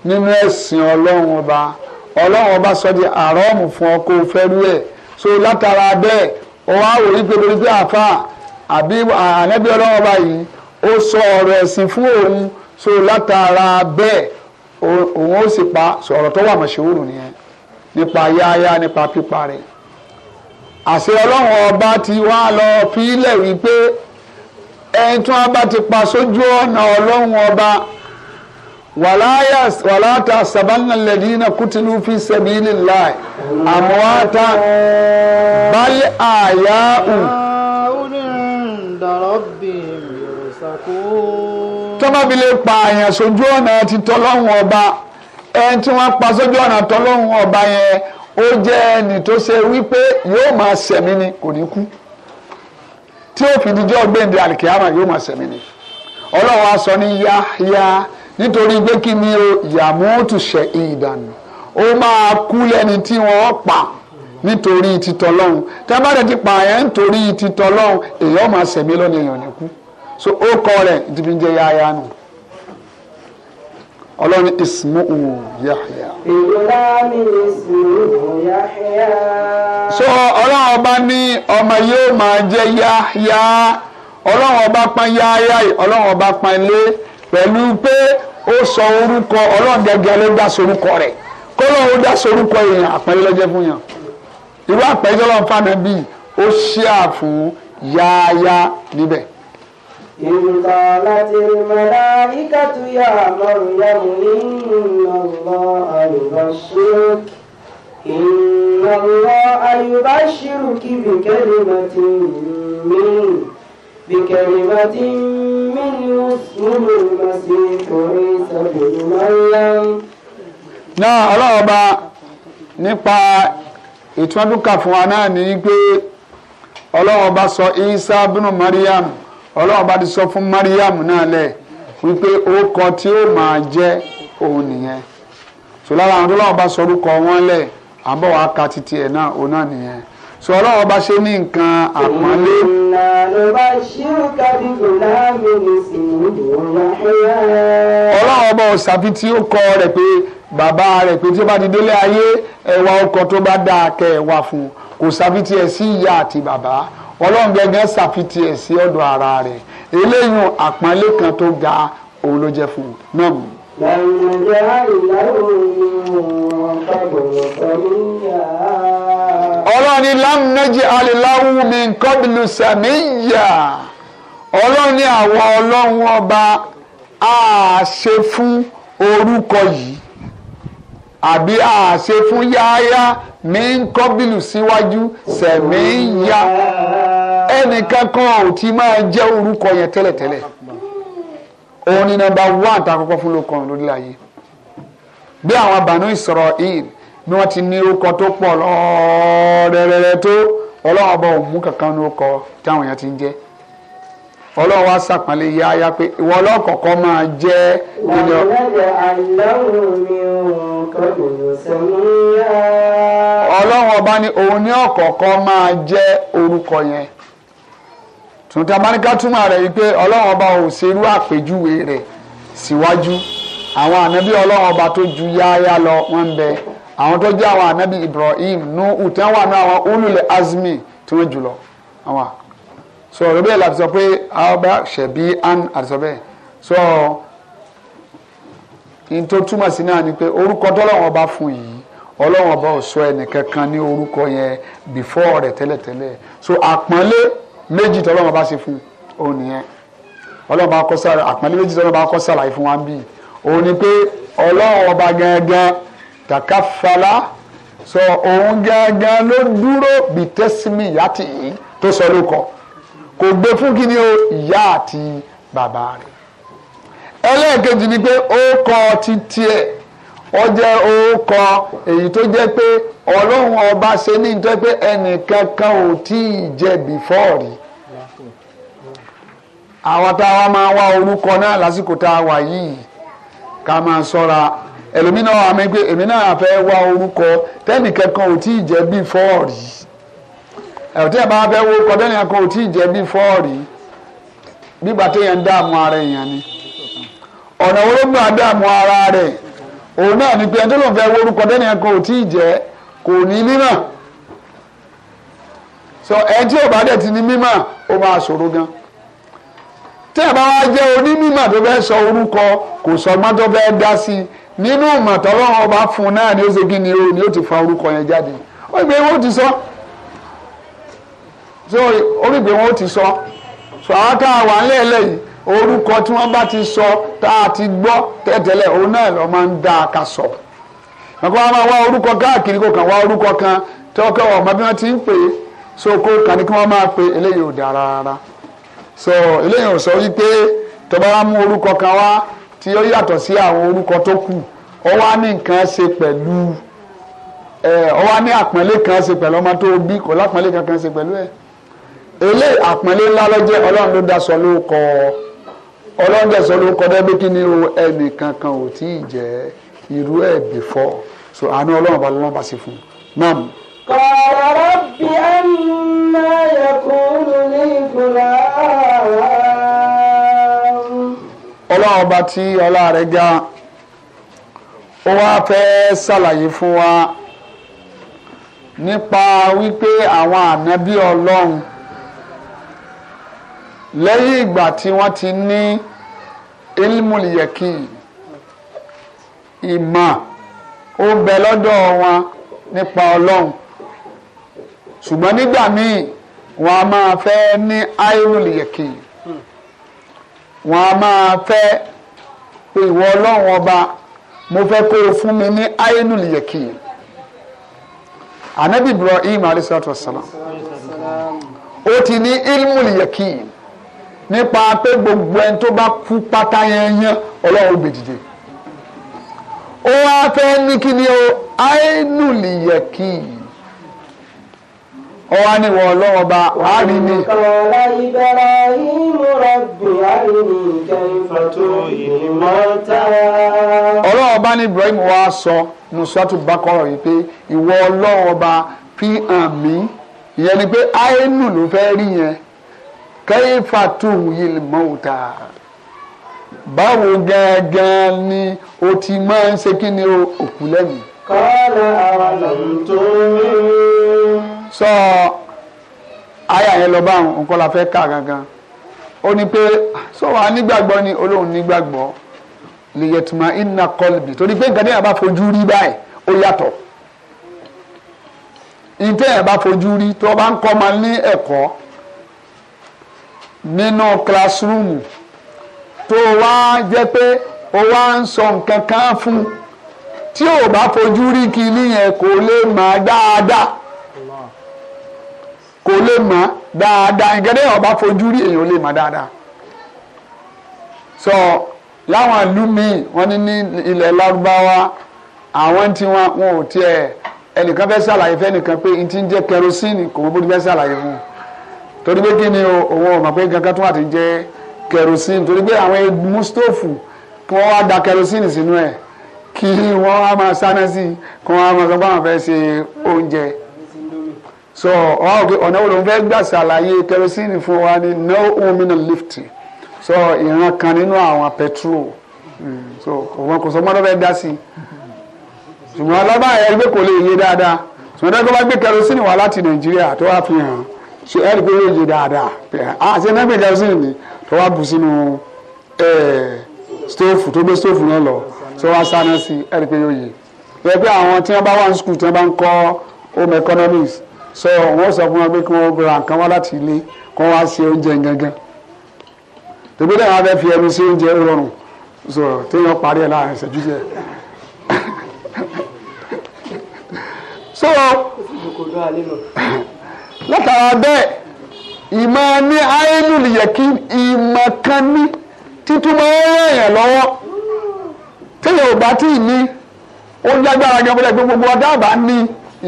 nínú ẹ̀sìn ọlọ́run ọba ọlọ́run ọba sọ di àrọ́ọ̀mù fún ọ kó o fẹ́ rú ẹ̀ so látara bẹ́ẹ̀ ọwọ́ àwòrán pé lórí pé àfa àbí ànẹ́bí ọlọ́run ọba yìí ó sọ ọ̀rọ̀ ẹ̀sìn fún òun so látara bẹ́ẹ̀ òun ó sì pa sọ̀rọ̀ tó wà mọ̀ṣẹ́wòrò nìyẹn nípa yáyá nípa pípa rẹ̀ àṣẹ ọlọ́run ọba ti wá lọ fílẹ̀ wípé ẹni tí wọ́n bá ti pa sójú ọ̀nà ọlọ́run ọba wàláta sàbánà lẹ́dínà kùtìlú fi sẹ́bílì láì àmọ́ta bálẹ̀ àyà ù. tọ́ba fi lè pa àyàn sójú ọ̀nà ti tọ́lọ́hún ọba ẹni tí wọ́n pa sójú ọ̀nà tọ́lọ́hún ọba yẹn ó jẹ́ ẹni tó ṣe wípé yóò máa ṣẹ̀mí ni kò ní kú tí ó fi dijọ́ gbẹ̀ǹde àlìkíyàmà yóò máa ṣẹ̀mí ni ọlọ́run á sọ ní ya nítorí pé kí o yàmúùtù ṣe ìdànù ó máa kú lẹ́ni tí wọ́n pa nítorí tẹ́ bá ti pààyàn nítorí titọ́ èèyàn máa so ó kọ́ rẹ̀ dìbí jẹ́ yáyá nù ọlọ́run ismu yahya. ìlúra ismu yahya. so ọlọ́run ọba ní ọmọ yóò máa jẹ́ yáyá ọlọ́run ọba pọn yáyá yìí ọlọ́run ọba pọn lé pẹ̀lú pé ó sọ orúkọ ọlọ́run gẹ́gẹ́ ló dá sorúkọ rẹ̀ kọ́lọ́run ó dá sorúkọ èèyàn àpẹẹrẹ lọ́jọ́ fún yàn irú àpẹẹrẹ lọ́wọ́ fànà bíi ó ṣíà fún yáyá níbẹ̀. إذ قالت الملائكة يا مريم إن الله يبشرك إن الله يبشرك بكلمة منه بكلمة منه اسمه المسيح عيسى بن مريم náà ọlọ́ọ̀ba nípa ìtúndúnkà fún wa náà ní pé ọlọ́ọ̀ba sọ Isa bínú Mariam ọlọ́run bá ti sọ fún Mariam náà lẹ̀ wípé orúkọ tí ó máa jẹ́ òun nìyẹn so lára àwọn ọlọ́run bá sọ orúkọ wọn lẹ̀ àbọ̀ wàá ka titi ẹ̀ náà òun náà nìyẹn so ọlọ́run bá ṣe ní nǹkan àpọ́nlé. ọlọ́run ọba ọ̀sàfi tí ó kọ rẹ̀ pé bàbá rẹ̀ pé tí ó bá ti délé ayé ẹ̀wà ọkọ̀ tó bá dáa kẹ́ ẹ̀ wá fún kò sàfi tiẹ̀ sí ìyá àti bàbá ọlọ́run gẹ́gẹ́ ṣàfitì ẹ̀ sí ọ̀dọ̀ ara rẹ̀ eléyìí àpọ́nlé kan tó ga òun ló jẹ́ fún un náà mú. ọlọ́run ni lámúnájì aliláwù mi kọ́bìlù sàmìyà ọlọ́run ni àwọn ọlọ́run ọba a ṣe fún orúkọ yìí àbí a ṣe fún yáyá mi kọ́bìlù síwájú sẹ̀mìyà ẹnìkan kan ò ti máa jẹ́ orúkọ yẹn tẹ́lẹ̀tẹ́lẹ̀ òun ni nọ́mbà one tá kọ́kọ́ fún lóko lórí ayé bí àwọn Banu Israel bí wọ́n ti ní orúkọ tó pọ̀ lọ́ọ́rẹ́rẹ́rẹ́ tó ọlọ́run ọba òun mú kankan ní orúkọ táwọn èèyàn ti ń jẹ́ ọlọ́run wá sàpọ́nlé yáyá pé ìwọ ọlọ́kọ̀ọ̀kan máa jẹ́ ilé ọ. ọlọ́run ọba ni òun ní ọ̀kọ̀ọ̀kan máa jẹ́ orúkọ yẹn tuntun abáníká túmọ̀ rẹ̀ wípé ọlọ́run ọba ò ṣerú àpèjúwe rẹ̀ síwájú àwọn ànábì ọlọ́run ọba tó ju yáyá lọ wọ́n ń bẹ àwọn tó jẹ́ àwọn ànábì Ibrahim Nuhu tí wọ́n wà ní àwọn olùlẹ̀ azmi tí wọ́n jùlọ so ọ̀rọ̀ bẹ́ẹ̀ láti sọ pé ọba ṣẹ̀bí an àti so n tó túmọ̀ sí náà ni pé orúkọ tọ́lọ́run ọba fún yìí ọlọ́run ọba ò sọ ẹnìkankan ní orúkọ yẹn before rẹ̀ tẹ́lẹ̀tẹ́lẹ̀ so àpọ́nlé méjì tọ́lọ́mọ bá ṣe fún òun nìyẹn ọlọ́mọ bá kọ́ sára àpọ́nlé méjì tọ́lọ́mọ bá kọ́ sàlàyé fún wa ń bì òun ni pé ọlọ́run ọba gangan takafala sọ òun gangan ló dúró bí tẹ́símì yàtì yìí tó sọ ló kò gbé fún kí ni o ìyá àti bàbá rẹ̀ ẹlẹ́ẹ̀kejì ni pé ó kọ́ títí ẹ̀ ó jẹ́ orúkọ èyí tó jẹ́ pé ọlọ́run ọba ṣe ní nítorí pé ẹnìkankan ò tí ì jẹ before rí àwọn tá a wá máa wá orúkọ náà lásìkò tá a wà yìí ká máa ṣọ́ra ẹlòmínà àmì pé èmi náà fẹ́ wá orúkọ ò tí ì jẹ rí bá ni ọ̀nà ara òun náà ni pé ẹni tó lòun fẹ́ wórúkọ dẹ́ni ẹ̀ kan ò tí ì jẹ́ so ẹni tí ò bá dẹ̀ ti ní ó máa ṣòro gan tí ẹ̀ bá wá jẹ́ onímọ̀ tó fẹ́ sọ orúkọ kò sọ ọgbọ́n tó fẹ́ dá sí i nínú ọba fún un náà ni ó ṣe kí ni o ni ó ti fa orúkọ yẹn jáde ó gbé ti sọ so ó so àwọn orúkọ tí wọ́n bá ti sọ tá a ti gbọ́ tẹ́tẹ́lẹ̀ òun náà lọ́ máa ń dá a ká sọ. wa máa wá orúkọ káàkiri kò kàn wá orúkọ kan tọ́kọ̀ ma bí wọ́n ti ń pè é so kó kí wọ́n máa pe eléyìí ò dára so eléyìí ò sọ wípé tọ́ba wa mú kan wá tí ó yàtọ̀ sí àwọn orúkọ tó kù wá ní nǹkan pẹ̀lú wá ní kan ṣe pẹ̀lú ọmọ tó bí ọlọ́dẹ̀sọ ló kọ́ dẹ́bí kí ni ẹnì kankan ò tí ì jẹ́ irú ẹ̀ bìfọ́ so àánú ọlọ́run bá lọ́wọ́ bá sí fún un náà. qala rabbi anna yakunu li gulam. ọlọ́run ọba tí ọlá rẹ̀ ga ó wá fẹ́ ṣàlàyé fún wa nípa wípé àwọn ànábì ọlọ́run lẹ́yìn ìgbà tí wọ́n ti ní. Ni ilmul yakin ìmọ̀ ó bẹ lọ́dọ̀ wọn nípa ọlọ́run ṣùgbọ́n nígbà míì wọn a máa fẹ́ ní ainul yakin wọn a máa fẹ́ pé ìwọ ọlọ́run ọba mo fẹ́ kó o fún mi ní ainul yakin anabi Ibrahim alayhi salatu salam ó ti ní ilmul nípa pé gbogbo ẹni tó bá kú pátá yẹn yẹn ọlọ́run gbé e dìde ó wá ni o àìnù lìyẹ kí ọ wá ní ọlọ́run ọba wàá rí mi. ìbẹ̀rẹ̀ ìmọ̀ta. ọlọ́run ọba ní sọ nùsọ́tù bákọ́rọ̀ yìí pé ìwọ ọlọ́run ọba fi hàn mí ìyẹn ni pé àìnù ló fẹ́ kẹ́yìfà tún yìí mọ́ta báwo gángan ni o ti máa ń ṣe kí ni o òkú lẹ́yìn. kọ́lá àlọ́m tó rí. sọ àyà yẹn lọ bá àwọn nǹkan la fẹ́ kà gangan ó ní pé sọ wàá ni olóhùn nígbàgbọ́ lèyẹtùmá iná kọlbì torí pé nǹkan téèyàn bá fojú rí báyìí ó yàtọ̀ ní téèyàn bá fojú rí tó bá ń kọ́ máa ní ẹ̀kọ́ nínú kílásírúùmù tó wá jẹ́ pé ó wá ń sọ nǹkan kan fún tí ò bá fojú rí kinní yẹn kò lè mọ̀ dáadáa kò lè mọ̀ dáadáa nǹkan tí ò bá fojú rí èèyàn lè mọ̀ dáadáa sọ láwọn ìlú míì wọ́n ní ní ilẹ̀ lárúbáwá àwọn tí wọn ò tiẹ̀ ẹnìkan fẹ́ ṣàlàyé fẹ́nìkan pé n ti ń jẹ́ kẹrosíìnì kò mọ bó ti fẹ́ ṣàlàyé fún un torí pé kí ni òun ò mọ̀ pé gangan tó wà ti jẹ́ kerosene torí pé àwọn egun stóòfù kí wọ́n wá da kerosene sínú ẹ̀ kí wọ́n wá máa sáná sí i kí wọ́n wá máa sọ pé àwọn fẹ́ ṣe oúnjẹ so ọ̀nà wo ló ń fẹ́ gbà ṣàlàyé kerosene fún wa ní no woman lift so ìran kan nínú àwọn petrol hmm, so òun kò sọ mọ́tò fẹ́ dá sí i ṣùgbọ́n ọlọ́ba ẹ̀ ẹgbẹ́ kò lè yé dáadáa ṣùgbọ́n tó bá gbé kerosene wá láti Nàìjíríà tó wá fi hàn án so ẹ̀rí pé yóò yé dáadáa àti ẹ̀nẹ́gbẹ̀ gẹ̀ẹ́sìn ni tó wá bù sínú stóòfù tó gbé stóòfù náà lọ tó wá sáná sí ẹ̀rí pé yóò yé yẹ pé àwọn tí wọ́n bá wà ní skul tí wọ́n bá ń kọ́ home economics so wọ́n sọ fún wọn pé kí wọ́n ra nǹkan wá láti ilé kí wọ́n wá ṣe oúnjẹ gangan tòbí lẹ́yìn wọn fẹ́ fi ẹnu sí oúnjẹ rọrùn so téèyàn parí ẹ̀ láàrin ìṣẹ́jú díẹ̀ so. látara bẹ́ẹ̀ ìmọ̀ ní àìlù yẹ̀kí ìmọ̀ kan ní títún máa ń ràn yàn lọ́wọ́ téèyàn ò bá tí ì ní ó lágbára gan bọ́lá pé gbogbo ọdá àbá ní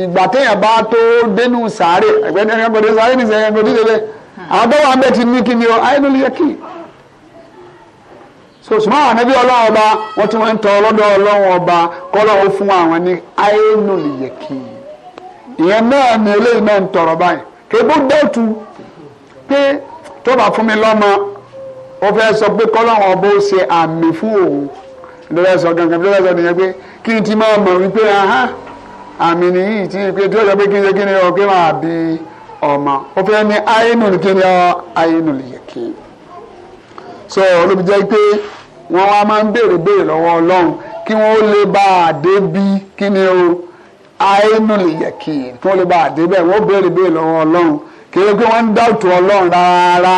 ìgbà téèyàn bá tó dénú sàárè ẹgbẹ́ ní ẹgbẹ́ sàárè ní sẹ́yìn ẹgbẹ́ dídélé àwọn tó wà ń bẹ̀ ti ní kí ni ọ àìlù yẹ̀kí so sùmọ́ àwọn ẹbí ọlọ́run ọba wọ́n ti wọ́n ń tọ ọlọ́dọ̀ ọlọ́run ọba kọ́ ọlọ́run fún àwọn ní àìlù yẹ̀kí ìyẹn náà ni eléyìí náà ń tọrọ báyìí kébó dẹ́tu pé tó bá fún mi lọ́mọ ó fẹ́ sọ pé kọ́lọ́wọ́n bó ṣe àmì fún òun lọ́wọ́ sọ gangan bí lọ́wọ́ sọ nìyẹn pé kí n ti máa mọ̀ wípé ahán àmì nìyí ti pé tí ó yẹ pé kí n ṣe kí ni ọ pé máa bí ọmọ ó fẹ́ ní ayélu kí ni ọ ayélu yẹ kí so olóbi jẹ́ pé wọ́n wá máa ń béèrè béèrè lọ́wọ́ ọlọ́run kí wọ́n ó lè bá a dé bí kí ni o àìnú lè yẹ kí kí wọ́n lè bá àdébẹ̀ wọ́n béèrè béèrè lọ́wọ́ ọlọ́run kí ló pé wọ́n ń dáwùtò ọlọ́run rárá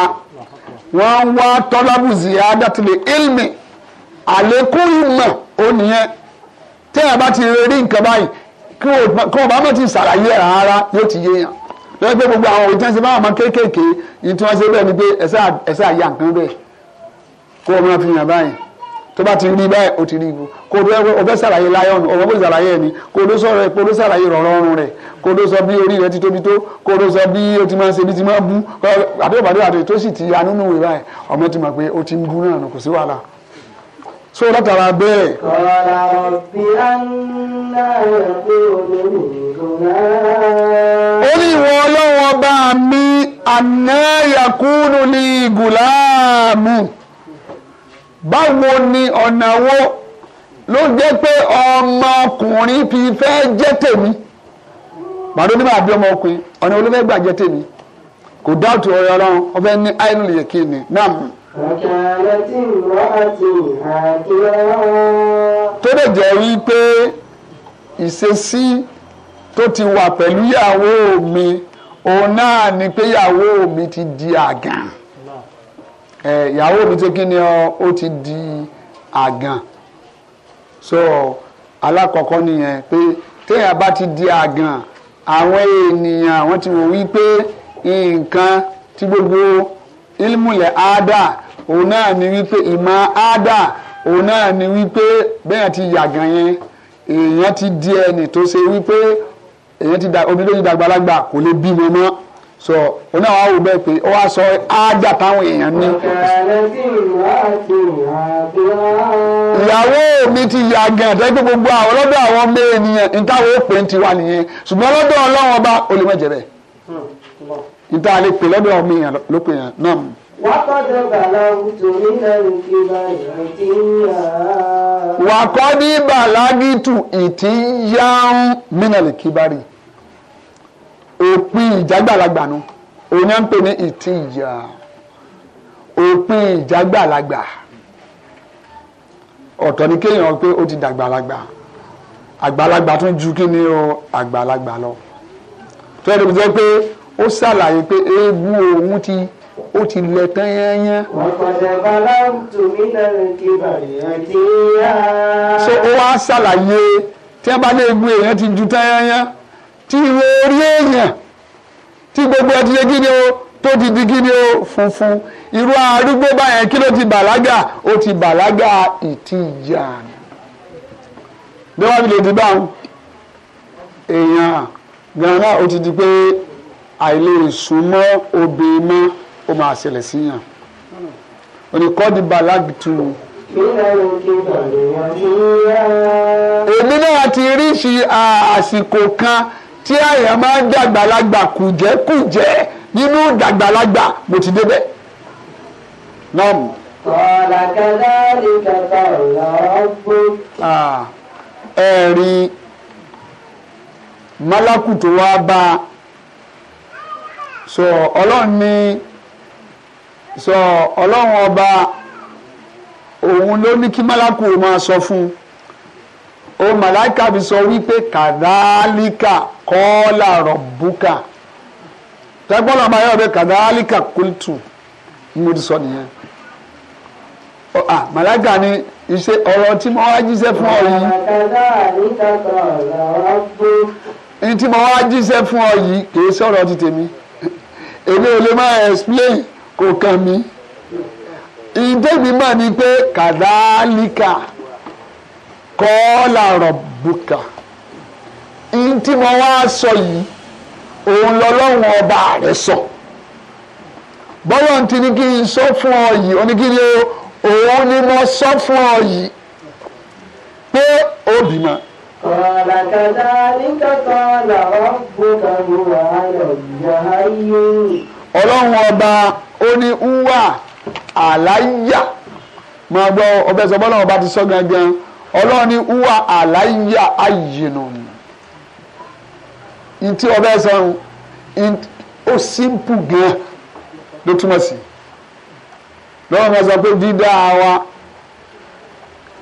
wọ́n ń wá tọ́lábù ziyadatul ilmi àlékún ìmọ̀ ó nìyẹn tẹ́ ẹ bá ti rí nǹkan báyìí kí wọ́n bá má ti ṣàlàyé rárá yóò ti yéèyàn lọ́wọ́ pé gbogbo àwọn òjá ń ṣe báwọn ọmọ kéékèèké yìí tí wọ́n ṣe bẹ́ẹ̀ ni pé ẹ̀sẹ̀ àyà nǹkan bẹ́ẹ̀ kó o máa fi yàn báyìí tó bá ti rí báyìí ó ti rí ibu kó o fẹ́ ṣàlàyé láyọ̀nù ọ̀rọ̀ bó ṣàlàyé ẹni kó o ló sọ̀rọ̀ ẹ̀ kó o ló ṣàlàyé rọ̀rọ̀ ọrùn rẹ̀ kó o ló sọ bí orí rẹ̀ ti tóbi tó kó o ló sọ bí o ti máa ṣe bí ti máa bú àbí ìbàdí àti tó sì ti anúnú rẹ̀ báyìí ọmọ ti mọ̀ pé o ti ń bú náà kò sí wàhálà so látara bẹ́ẹ̀. ọ̀la ọ̀bí àná ẹ̀kọ́ ó ní ìwọ ọlọ́wọ́ bá mi àná yakúnú ní gùlámù. báwo ni ọ̀nà wo ló jẹ́ pé ọmọkùnrin fi fẹ́ jẹ́ tèmi pàdé ní ọmọkùnrin ọ̀nà wo ló gbà jẹ́ tèmi kò ọ̀rọ̀ ọlọ́run ọ̀fẹ́ ní àìlù yẹ kí ni náà. tó lè jẹ́ wípé ìṣesí tó ti wà pẹ̀lú ìyàwó mi òun náà ni pé ti di àgàn. ìyàwó mi ti kí ni ó ti di àgàn so alákọ̀ọ́kọ́ nìyẹn pé téèyàn bá ti di àgàn àwọn ènìyàn àwọn ti wò wípé nǹkan tí gbogbo ilmùlẹ̀ ádà òun náà ni wípé ìmọ̀ ádà òun náà ni wípé bẹ́ẹ̀ ti yàgàn yẹn èèyàn ti di ẹni tó ṣe wípé èèyàn ti da obìnrin tó ti dàgbàlagbà kò lè bímọ mọ́ so oní àwọn awò bẹ́ẹ̀ pé ó wá sọ ájà táwọn èèyàn ní. ìyàwó mi ti ya gan tẹ́gbẹ́ gbogbo àwọn ọlọ́dọ̀ àwọn ọmọ ènìyàn nítawọn òpè ń tiwa nìyẹn ṣùgbọ́n ọlọ́dọ̀ ọlọ́wọ́n bá olùmọ̀jẹ̀ bẹ́ẹ̀ níta lè pè lọ́dọ̀ ọmọ èèyàn lópè yẹn náà. Wàkọ́dé bàlágùtù nínú ìkìlá ìtìyà. Wàkọ́dé bàlágùtù ìtìyà ń mínà lè kíbárì òpin ìjágbàlagbà nu òun náà ń pè ní ìtìjà òpin ìjágbàlagbà ọ̀tọ̀ ni kéèyàn pé ó ti dàgbàlagbà àgbàlagbà tún ju kí ni o àgbàlagbà lọ tó yẹ kó jẹ́ pé ó ṣàlàyé pé eégún òun ti ó ti lẹ tán yányán. ọ̀pọ̀lọpọ̀ aláǹtò mi náà kí bàyà kí ṣé ó wá ṣàlàyé tí wọ́n bá lé eégún èèyàn ti ju tán yányán tí ìwo orí èèyàn tí gbogbo ẹ ti ṣe kí ni o tó ti di kí ni o funfun irú arúgbó báyẹn kí ló ti bàlágà ó ti bàlágà ìtìjà bí wọ́n fi lè dìbà èèyàn gánà ó ti di pé àìlè súnmọ́ obìnrin mọ́ ó máa ṣẹlẹ̀ síyàn oníkọ́dí bàlágìtù. èmi náà ti rí sí àsìkò kan tí àyàn máa ń dàgbàlagbà kùjẹ́kùjẹ́ nínú dàgbàlagbà mo ti débẹ̀. Nam. Kọ̀ọ̀lá kẹ́lẹ́rì kẹta ọ̀la ọ̀gbọ́n. Ẹ̀rí Málákù tó wá bá a sọ ọlọ́run ní sọ ọlọ́run ọba òun ló ní kí Málákù máa sọ fún un ó màláìka fi sọ wípé kàdálíkà kọ́ọ́là rọ̀bùkà tẹ́gbọ́n làwọn ayọ̀ bẹ kàdálíkà kúltù ni mo ti sọ nìyẹn ah màláìka ni iṣẹ́ ọ̀rọ̀ tí mo wá jíṣẹ́ fún ọ yìí. kàdálíkà kọ́ọ́là rọ̀bùkà. ní tí mo wá jíṣẹ́ fún ọ yìí kì sọ̀rọ̀ ti tèmi èmi ò lè máa explain kò kàn mí. ìdẹ́gbìmọ̀ ni pé kàdálíkà kọ́ọ́là rọ̀bùkà n tí mo wá sọ yìí òun lọ́lọ́run ọba rẹ̀ sọ bọ́lọ̀ ti ní kí n sọ fún ọ yìí oníkiri òun ni mo sọ fún ọ yìí pé ó bímọ. Kọ̀ọ̀lá kàdá níkà kọ̀ọ̀lá rọ̀bùkà ló wà ayọ̀ ìyá ayé. Ọlọ́run ọba ó ní ń wà àlàyé máa gbọ́ ọbẹ̀ sọ bọ́lá ọba ti sọ gangan ọlọ́run ní uwa àlàyé ayìnà ntí ọbẹ̀ sẹ́wọ̀n ó simple gan ló túmọ̀ sí lọ́wọ́ máa sọ pé dídá wa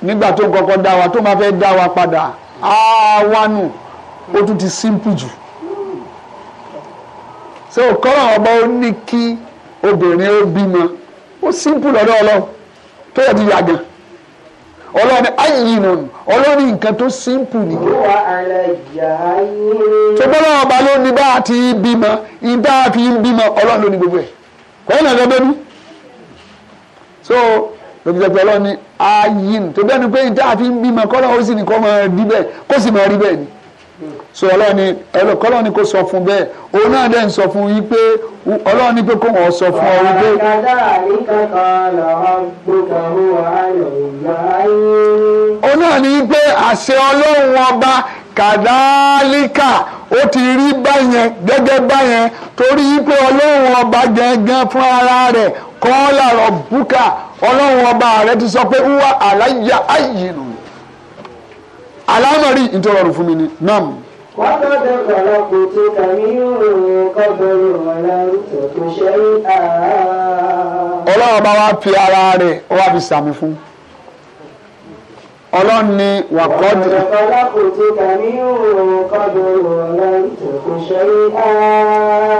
nígbà tó kọ́kọ́ dá wa tó máa fẹ́ dá wa padà á nù ó tún ti simple jù so kọ́ra ọba ó ní kí obìnrin ó bímọ ó simple lọ́dọ̀ ọlọ́run tó yẹ ti yàgàn ọlọ́run ayinu ọlọ́run nǹkan tó simple ni. tó bọ́lá ọba ló ní bá a ti bímọ ìdá a fi ń bímọ ọlọ́run ló ní gbogbo ẹ̀ kọ́ńtà ẹ̀rọ bẹ́ẹ̀ ni. so lóbi jẹ́ pé ọlọ́run ní ayinu tó bẹ́ẹ̀ ni pé ìdá a fi ń bímọ kọ́ńtà ó sì ní kọ́ máa rí bẹ́ẹ̀ kó sì máa rí bẹ́ẹ̀ ni so ọlọ́run ni ọlọ́run ni kò sọ fún bẹ́ẹ̀ òun náà dẹ̀ ń sọ fún yín pé ọlọ́run ni pé kò wọ́n sọ fún ọ wípé. òun náà ni pé àṣẹ ọlọ́run ọba kàdálíkà ó ti rí báyẹn gẹ́gẹ́ báyẹn torí pé ọlọ́run ọba gangan fún ara rẹ̀ kọ́ làrọ̀ búkà ọlọ́run ọba rẹ̀ ti sọ pé wúwa àlàyé ayé nù alámọ̀rí ìtọ́rọ̀rùn fún mi ni náà. وقد خلقتك من قبل ولم تك شيئا ọlọ́run bá wá fi ara rẹ̀ ó wá fi sàmì fún ọlọ́run ni wà kọ́ di.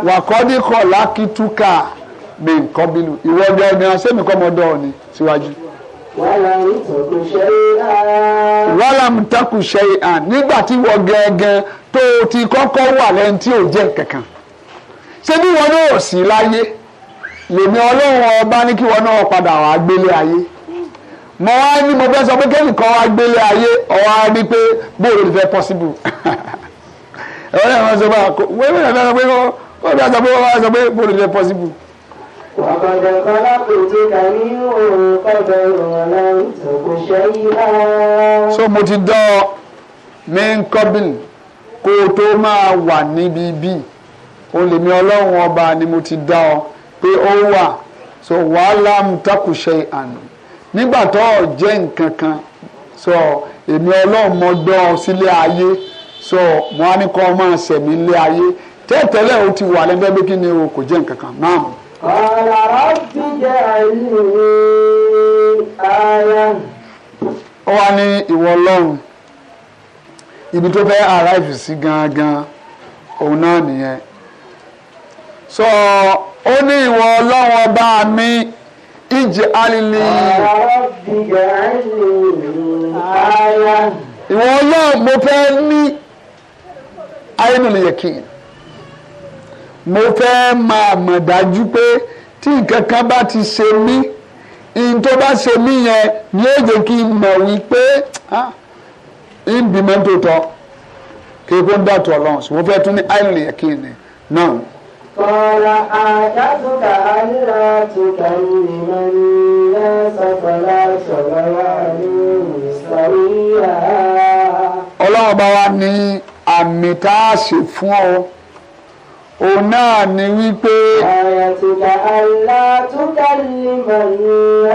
wà kọ́ di kọ̀ lákìtúkà bí nǹkan bínú ìwọ ọdẹ ọdẹ ọsẹ mi kọ́ ọmọdé ọ ni síwájú wàlám takù ṣẹ́yàn nígbà tí wọ́n gẹ́gẹ́ tó o ti kọ́kọ́ wà lẹ́yìn tí ò jẹ́ kankan ṣé bí wọn náà sí láyé lèmi ọlọ́run ọba ní kí wọn náà padà wá gbélé ayé mo wá ní mo fẹ́ sọ pé kẹ́nìkan wá gbélé ayé ọ̀wá rí pé bóòlù ló fẹ́ pọ́síbù ẹ̀rọ náà wọ́n sọ pé wọ́n fẹ́ sọ pé bóòlù ló fẹ́ pọ́síbù وقد خلقتك من قبل ولم تك شيئا. so mo ti dán ọ ní kọ́bìn kó o tó máa wà níbi bí o lè mi ọlọ́run ọba ni mo ti dá ọ pé ó wà so wàhálà ń takùṣe àná nígbà tó ọ jẹ́ nǹkan kan so èmi ọlọ́run mo dán ọ sílé ayé so mo á ní kọ́ ọ máa ṣẹ̀mí ilé ayé tẹ́tẹ́lẹ̀ o ti wà lẹ́gbẹ́ pé kí ni o kò jẹ́ nǹkan kan náà. قال رب اجعل آية wá ọlọ́run ibi tó fẹ́ àráìfì sí gangan òun náà nìyẹn sọ ó ní ìwọ ọlọ́run ọba mi ìjì alìlì ìwọ ọlọ́run mo fẹ́ ní ayélujára yẹ mo fẹ́ máa mọ̀ dájú pé tí nǹkan kan bá ti ṣe mí n tó bá ṣe mí yẹn ni ó jẹ́ kí n mọ̀ wípé ah, n bímọ tó tọ́ kí n kó ń dàtọ̀ ọlọ́run ṣùgbọ́n fẹ́ tún ní àìlè kí ni náà. Kọ́ra àdájúkà àyíra ti kàrí ìmọ̀ ní ẹ̀sàkọ̀lá ṣọ̀rọ̀ wà ní ìsọ̀rí yàrá. Ọlọ́run bá wa ní àmì tá a ṣe fún ọ. òun náà ni wípé. àyàtúkà aláàtúkà lè mọ̀ ní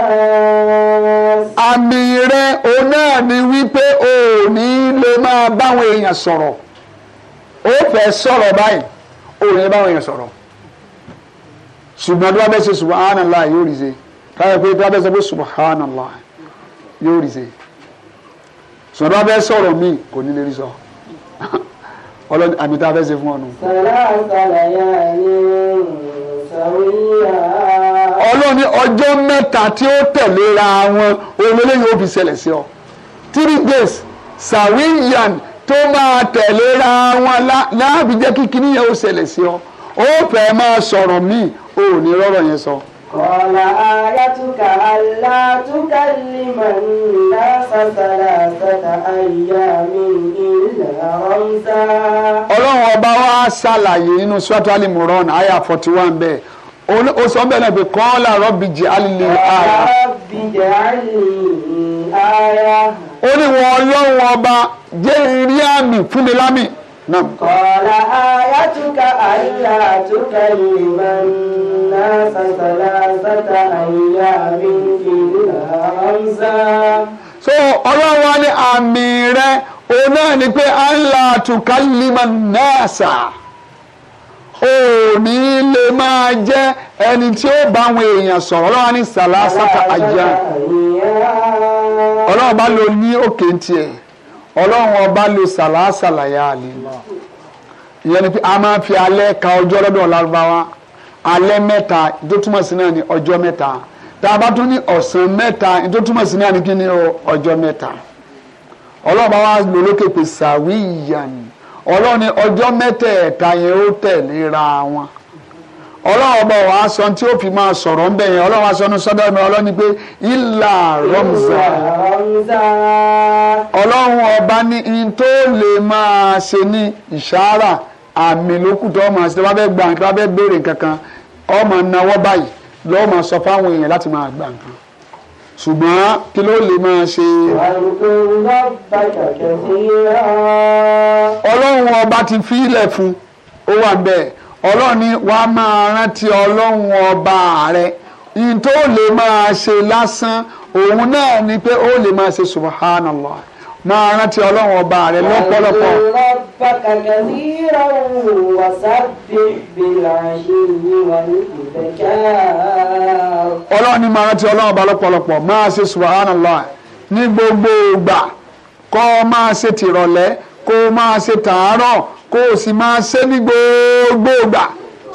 àmì rẹ òun náà ni wípé o ò ní lè máa báwọn èèyàn sọ̀rọ̀ fẹ́ sọ̀rọ̀ báyìí o ò ní báwọn èèyàn sọ̀rọ̀ ṣùgbọ́n bí wọ́n bẹ́ẹ̀ ṣe subhanallah yóò rí ṣe káyọ̀ pé wọ́n bẹ́ẹ̀ ṣe pé yóò rí ṣe ṣùgbọ́n wọ́n bẹ́ẹ̀ sọ̀rọ̀ míì kò ní lè rí sọ. ọlọ́ni àmì tá a fẹ́ ṣe fún ọ̀nù. ọlọ́ni ọjọ́ mẹ́ta tí ó tẹ̀léra wọn olóléyìn ó fi ṣẹlẹ̀ sí ọ three days sawiyan tó máa tẹ̀léra wọn láàbí jẹ́ kí kíní yẹn ó ṣẹlẹ̀ sí ọ ó fẹ́ máa sọ̀rọ̀ míì ò ní rọ́rọ̀ yẹn sọ. So. قال آيتك ألا تكلم الناس ثلاثة أيام إلا رمزا ọlọ́run ọba wa ṣàlàyé nínú sọ́tò alimuran aya forty one bẹ́ẹ̀ sọ bẹ́ẹ̀ náà pé kọ́ńlá rọ́bì jẹ́ alìlè aya. ó ní wọn ọlọ́run ọba jẹ́ ìrírí àmì fún mi lámì. قال آيتك ألا تكلم الناس ثلاثة أيام إلا أمسا so ọlọ́run wa ní àmì rẹ̀ òun náà ni pé allah tukalima nasa ò ní lè máa jẹ́ ẹni tí ó bá àwọn èèyàn sọ̀rọ̀ ọlọ́run ní sàlásàtà àyà ọlọ́run bá lò ní òkè tiẹ̀. ọlọ́run ọba lo sàlásàlà ya á lè lọ ìyẹn ni pé a máa fi alẹ́ ka ọjọ́ lọ́dọ̀ lárúbáwá alẹ́ mẹ́ta tó túmọ̀ sí náà ní ọjọ́ mẹ́ta tá a bá tún ní ọ̀sán mẹ́ta tó túmọ̀ sí náà ní kí ni ọjọ́ mẹ́ta ọlọ́run bá wá lò lókè pé sàwíyàn ọlọ́run ni ọjọ́ mẹ́tẹ̀ẹ̀ta yẹn ó tẹ̀léra wọn ọlọ́run ọba wa aṣọ tí ó fi máa sọ̀rọ̀ ń bẹ̀yẹn ọlọ́run aṣọ ní sọ́dọ̀ mi ọlọ́run ni pé ìlà rọ́mùsà ọlọ́run ọba ní in tó lè máa ṣe ní ìṣàrà àmì lókùtọ́ ọmọ àti tẹ́wọ́ bẹ́ẹ̀ gba nǹkan wọ́n bẹ́ẹ̀ béèrè nǹkan ọmọ náwó báyìí lọ́wọ́ máa sọ fáwọn èèyàn láti máa gba nǹkan ṣùgbọ́n kí ló lè máa ṣe. ọlọ́run ọba ti fi ilẹ̀ fún ó wà bẹ́ẹ̀ ọlọ́run wa wà á máa rántí ọlọ́run ọba rẹ yìí tó lè máa ṣe lásán òun náà ni pé ó lè máa ṣe subhanallah máa rántí ọlọ́run ọba rẹ lọ́pọ̀lọpọ̀. ọlọ́run ni máa rántí ọlọ́run ọba lọ́pọ̀lọpọ̀ máa ṣe subhanallah ní gbogbo ìgbà kọ́ máa ṣe tìrọ̀lẹ́ kó o máa ṣe tàárọ̀ kó o sì máa ṣe ní gbogbo ìgbà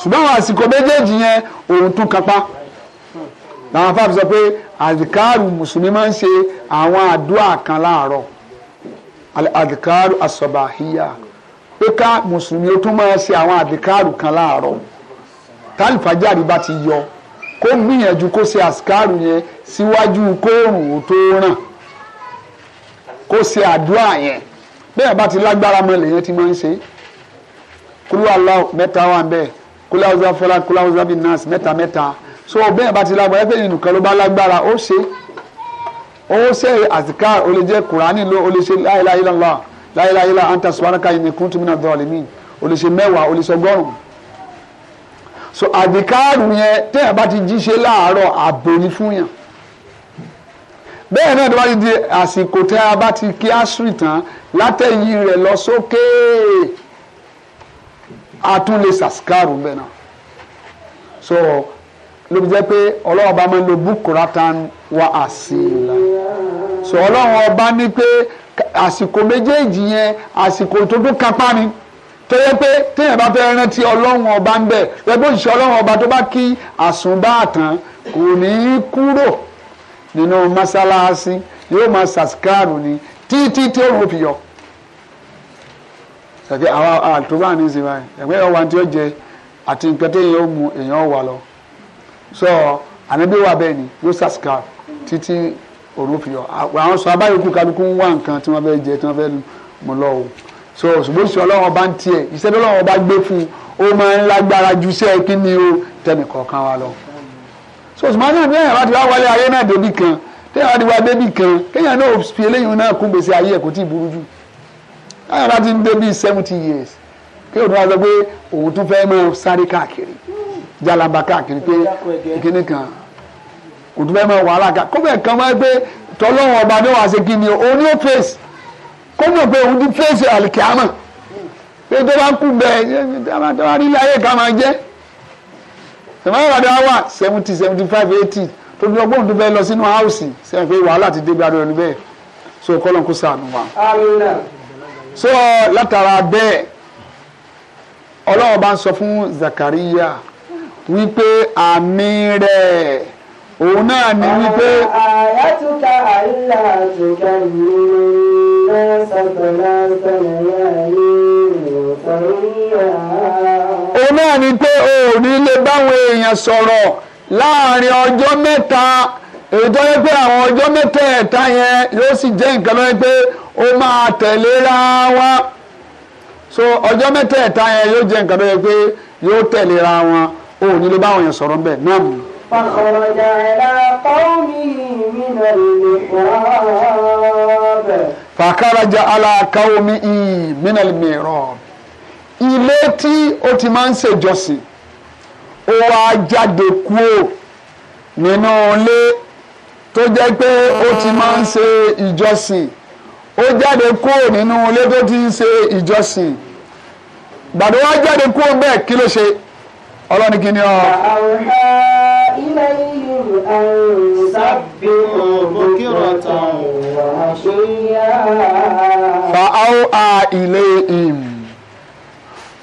ṣùgbọ́n àwọn àsìkò méjèèjì yẹn òun tún kápá làwọn afáàbí sọ pé àdìkáàrù mùsùlùmí máa ń ṣe àwọn àdúrà kan láàárọ̀ àdìkáàrù àsọ̀bàhíyà pé ká mùsùlùmí ó tún máa ṣe àwọn àdìkáàrù kan láàárọ̀ tálífàjáde bá ti yọ kó gbìyànjú kó ṣe àsìkáàrù yẹn síwájú kóòrùn tó ràn kó ṣe àdúrà yẹn bẹ́ẹ̀ bá ti lágbára mọ́ lèyẹn ti máa ń ṣe kúlú aláwọ mẹ́ta wà ń bẹ́ẹ̀ kúlú awúzá fọlá kúlú awúzá bíi nọ́ọ̀sì mẹ́ta mẹ́ta so bẹ́ẹ̀ bá ti lágbára ẹgbẹ́ ìnùkan ló bá lágbára ó ṣe ó ṣe àtìká ó lè jẹ́ kùránì ló ó lè ṣe la ilaha illallah la ilaha illa anta subhanaka inni kuntu minadh dhalimin ó lè ṣe mẹ́wàá ó lè ṣe ọgọ́rùn-ún so àdìkáàrù yẹn téèyàn bá ti jí ṣe láàárọ̀ àbò ni fún yàn bẹ́ẹ̀ náà tó bá ti di àsìkò tẹ́ a bá ti kí asiri tán látẹ̀yìn rẹ̀ lọ sókè a tún lè sàsíkàrù bẹ́ẹ̀ náà so ló fi jẹ́ pé ọlọ́run bá máa ń lo bukuratan wa àsìlá so ọlọ́run ọba ní pé àsìkò méjèèjì yẹn àsìkò tó tún kápá ni tó yẹ pé téèyàn bá fẹ́ rántí ọlọ́run ọba ń bẹ̀ ẹgbẹ́ òṣìṣẹ́ ọlọ́run ọba tó bá kí àsùnbà kò ní í kúrò nínú mọ́sálásí yóò máa ṣàṣkáàrù ni títí tí òun fi yọ. ṣàfi àwọn àtúbà ní ìsinmi báyìí ẹ̀gbẹ́ yóò wá tí ó jẹ àti ìpẹ́tẹ́ yìí ó mu èèyàn wà lọ. sọ ànábí wà bẹ́ẹ̀ ni yóò ṣàṣkáàrù títí òun fi yọ. àwọn sọ abáyé kú kálukú ń wá nǹkan tí wọ́n fẹ́ jẹ tí wọ́n fẹ́ mú lọ o. sọ ṣùgbọ́n ìṣọ́ ọlọ́run ọba ń tiẹ̀ ìṣẹ́ tó ọlọ́run ọba gbé fún un ó máa ń lágbára ju iṣẹ́ kí ni o tẹnìkọ̀ọ̀kan wa lọ so sùmọ́nì ní ẹ̀yàn láti wá wálé ayé náà débì kan téèyàn láti wá débì kan kéèyàn náà fi eléyìí náà kún gbèsè ayé ẹ̀ kò tí ì burú jù ẹ̀yàn láti ń débì seventy years kéèyàn tó wá sọ pé òun tún fẹ́ máa sáré káàkiri jalaba káàkiri pé kíní kan kò tún fẹ́ máa wàhálà ká kó bẹ́ẹ̀ kan máa pé tọ́lọ́wọ́n ọba ní wàá ṣe kí ni òun ní ó fèsì kó mọ̀ pé òun ti fèsì àlìkè pé tó bá kú bẹ́ẹ̀ tó bá rí ilé ayé ká máa jẹ́ sèmọ́n ìrọ̀lẹ́ wà seventy seventy five eighty tó ọgbọ́n tó fẹ́ lọ sínú house sẹ́yìn pé wàhálà ti dé gbàdúrà ẹni bẹ́ẹ̀ so kọ́lọ́n kó sànù wa. so látara bẹ́ẹ̀ ọlọ́run bá ń sọ fún Zakariya wípé àmì rẹ̀ òun náà ni wípé. àyàtúkà àìlà àtúkà yìí náà sàtọ̀lá sàlẹ̀ yàrá òun náà ni pé òun ní lè báwọn èèyàn sọ̀rọ̀ láàrin ọjọ́ mẹ́ta èyí tó pé àwọn ọjọ́ mẹ́tẹ̀ẹ̀ta yẹn yóò sì jẹ́ nǹkan lọ́wọ́ pé ó máa tẹ̀léra wọn so ọjọ́ mẹ́tẹ̀ẹ̀ta yẹn yóò jẹ́ nǹkan lọ́wọ́ pé yóò tẹ̀léra wọn o ní lè bá àwọn yẹn sọ̀rọ̀ bẹ́ẹ̀ náà mú. fàkọ̀rọ̀dà ẹ̀rá kọ́ọ̀mì mi nà lè rọ́ọ̀bẹ̀. fàkàràjà alákàwọ́mì ìmínàlì mìíràn ilé tí ó ti máa ń ṣèjọsìn ó wá jáde kúrò nínú ilé tó jẹ́ pé ó ti máa ń ṣe ìjọsìn ó jáde kúrò nínú ilé tó ti ń ṣe ìjọsìn Gbàdúrà wá jáde kúrò bẹ́ẹ̀ kí ló ṣe ọlọ́ni kí ọ. àwòrán ilé yìí àrùn fa áwọ̀ ilé im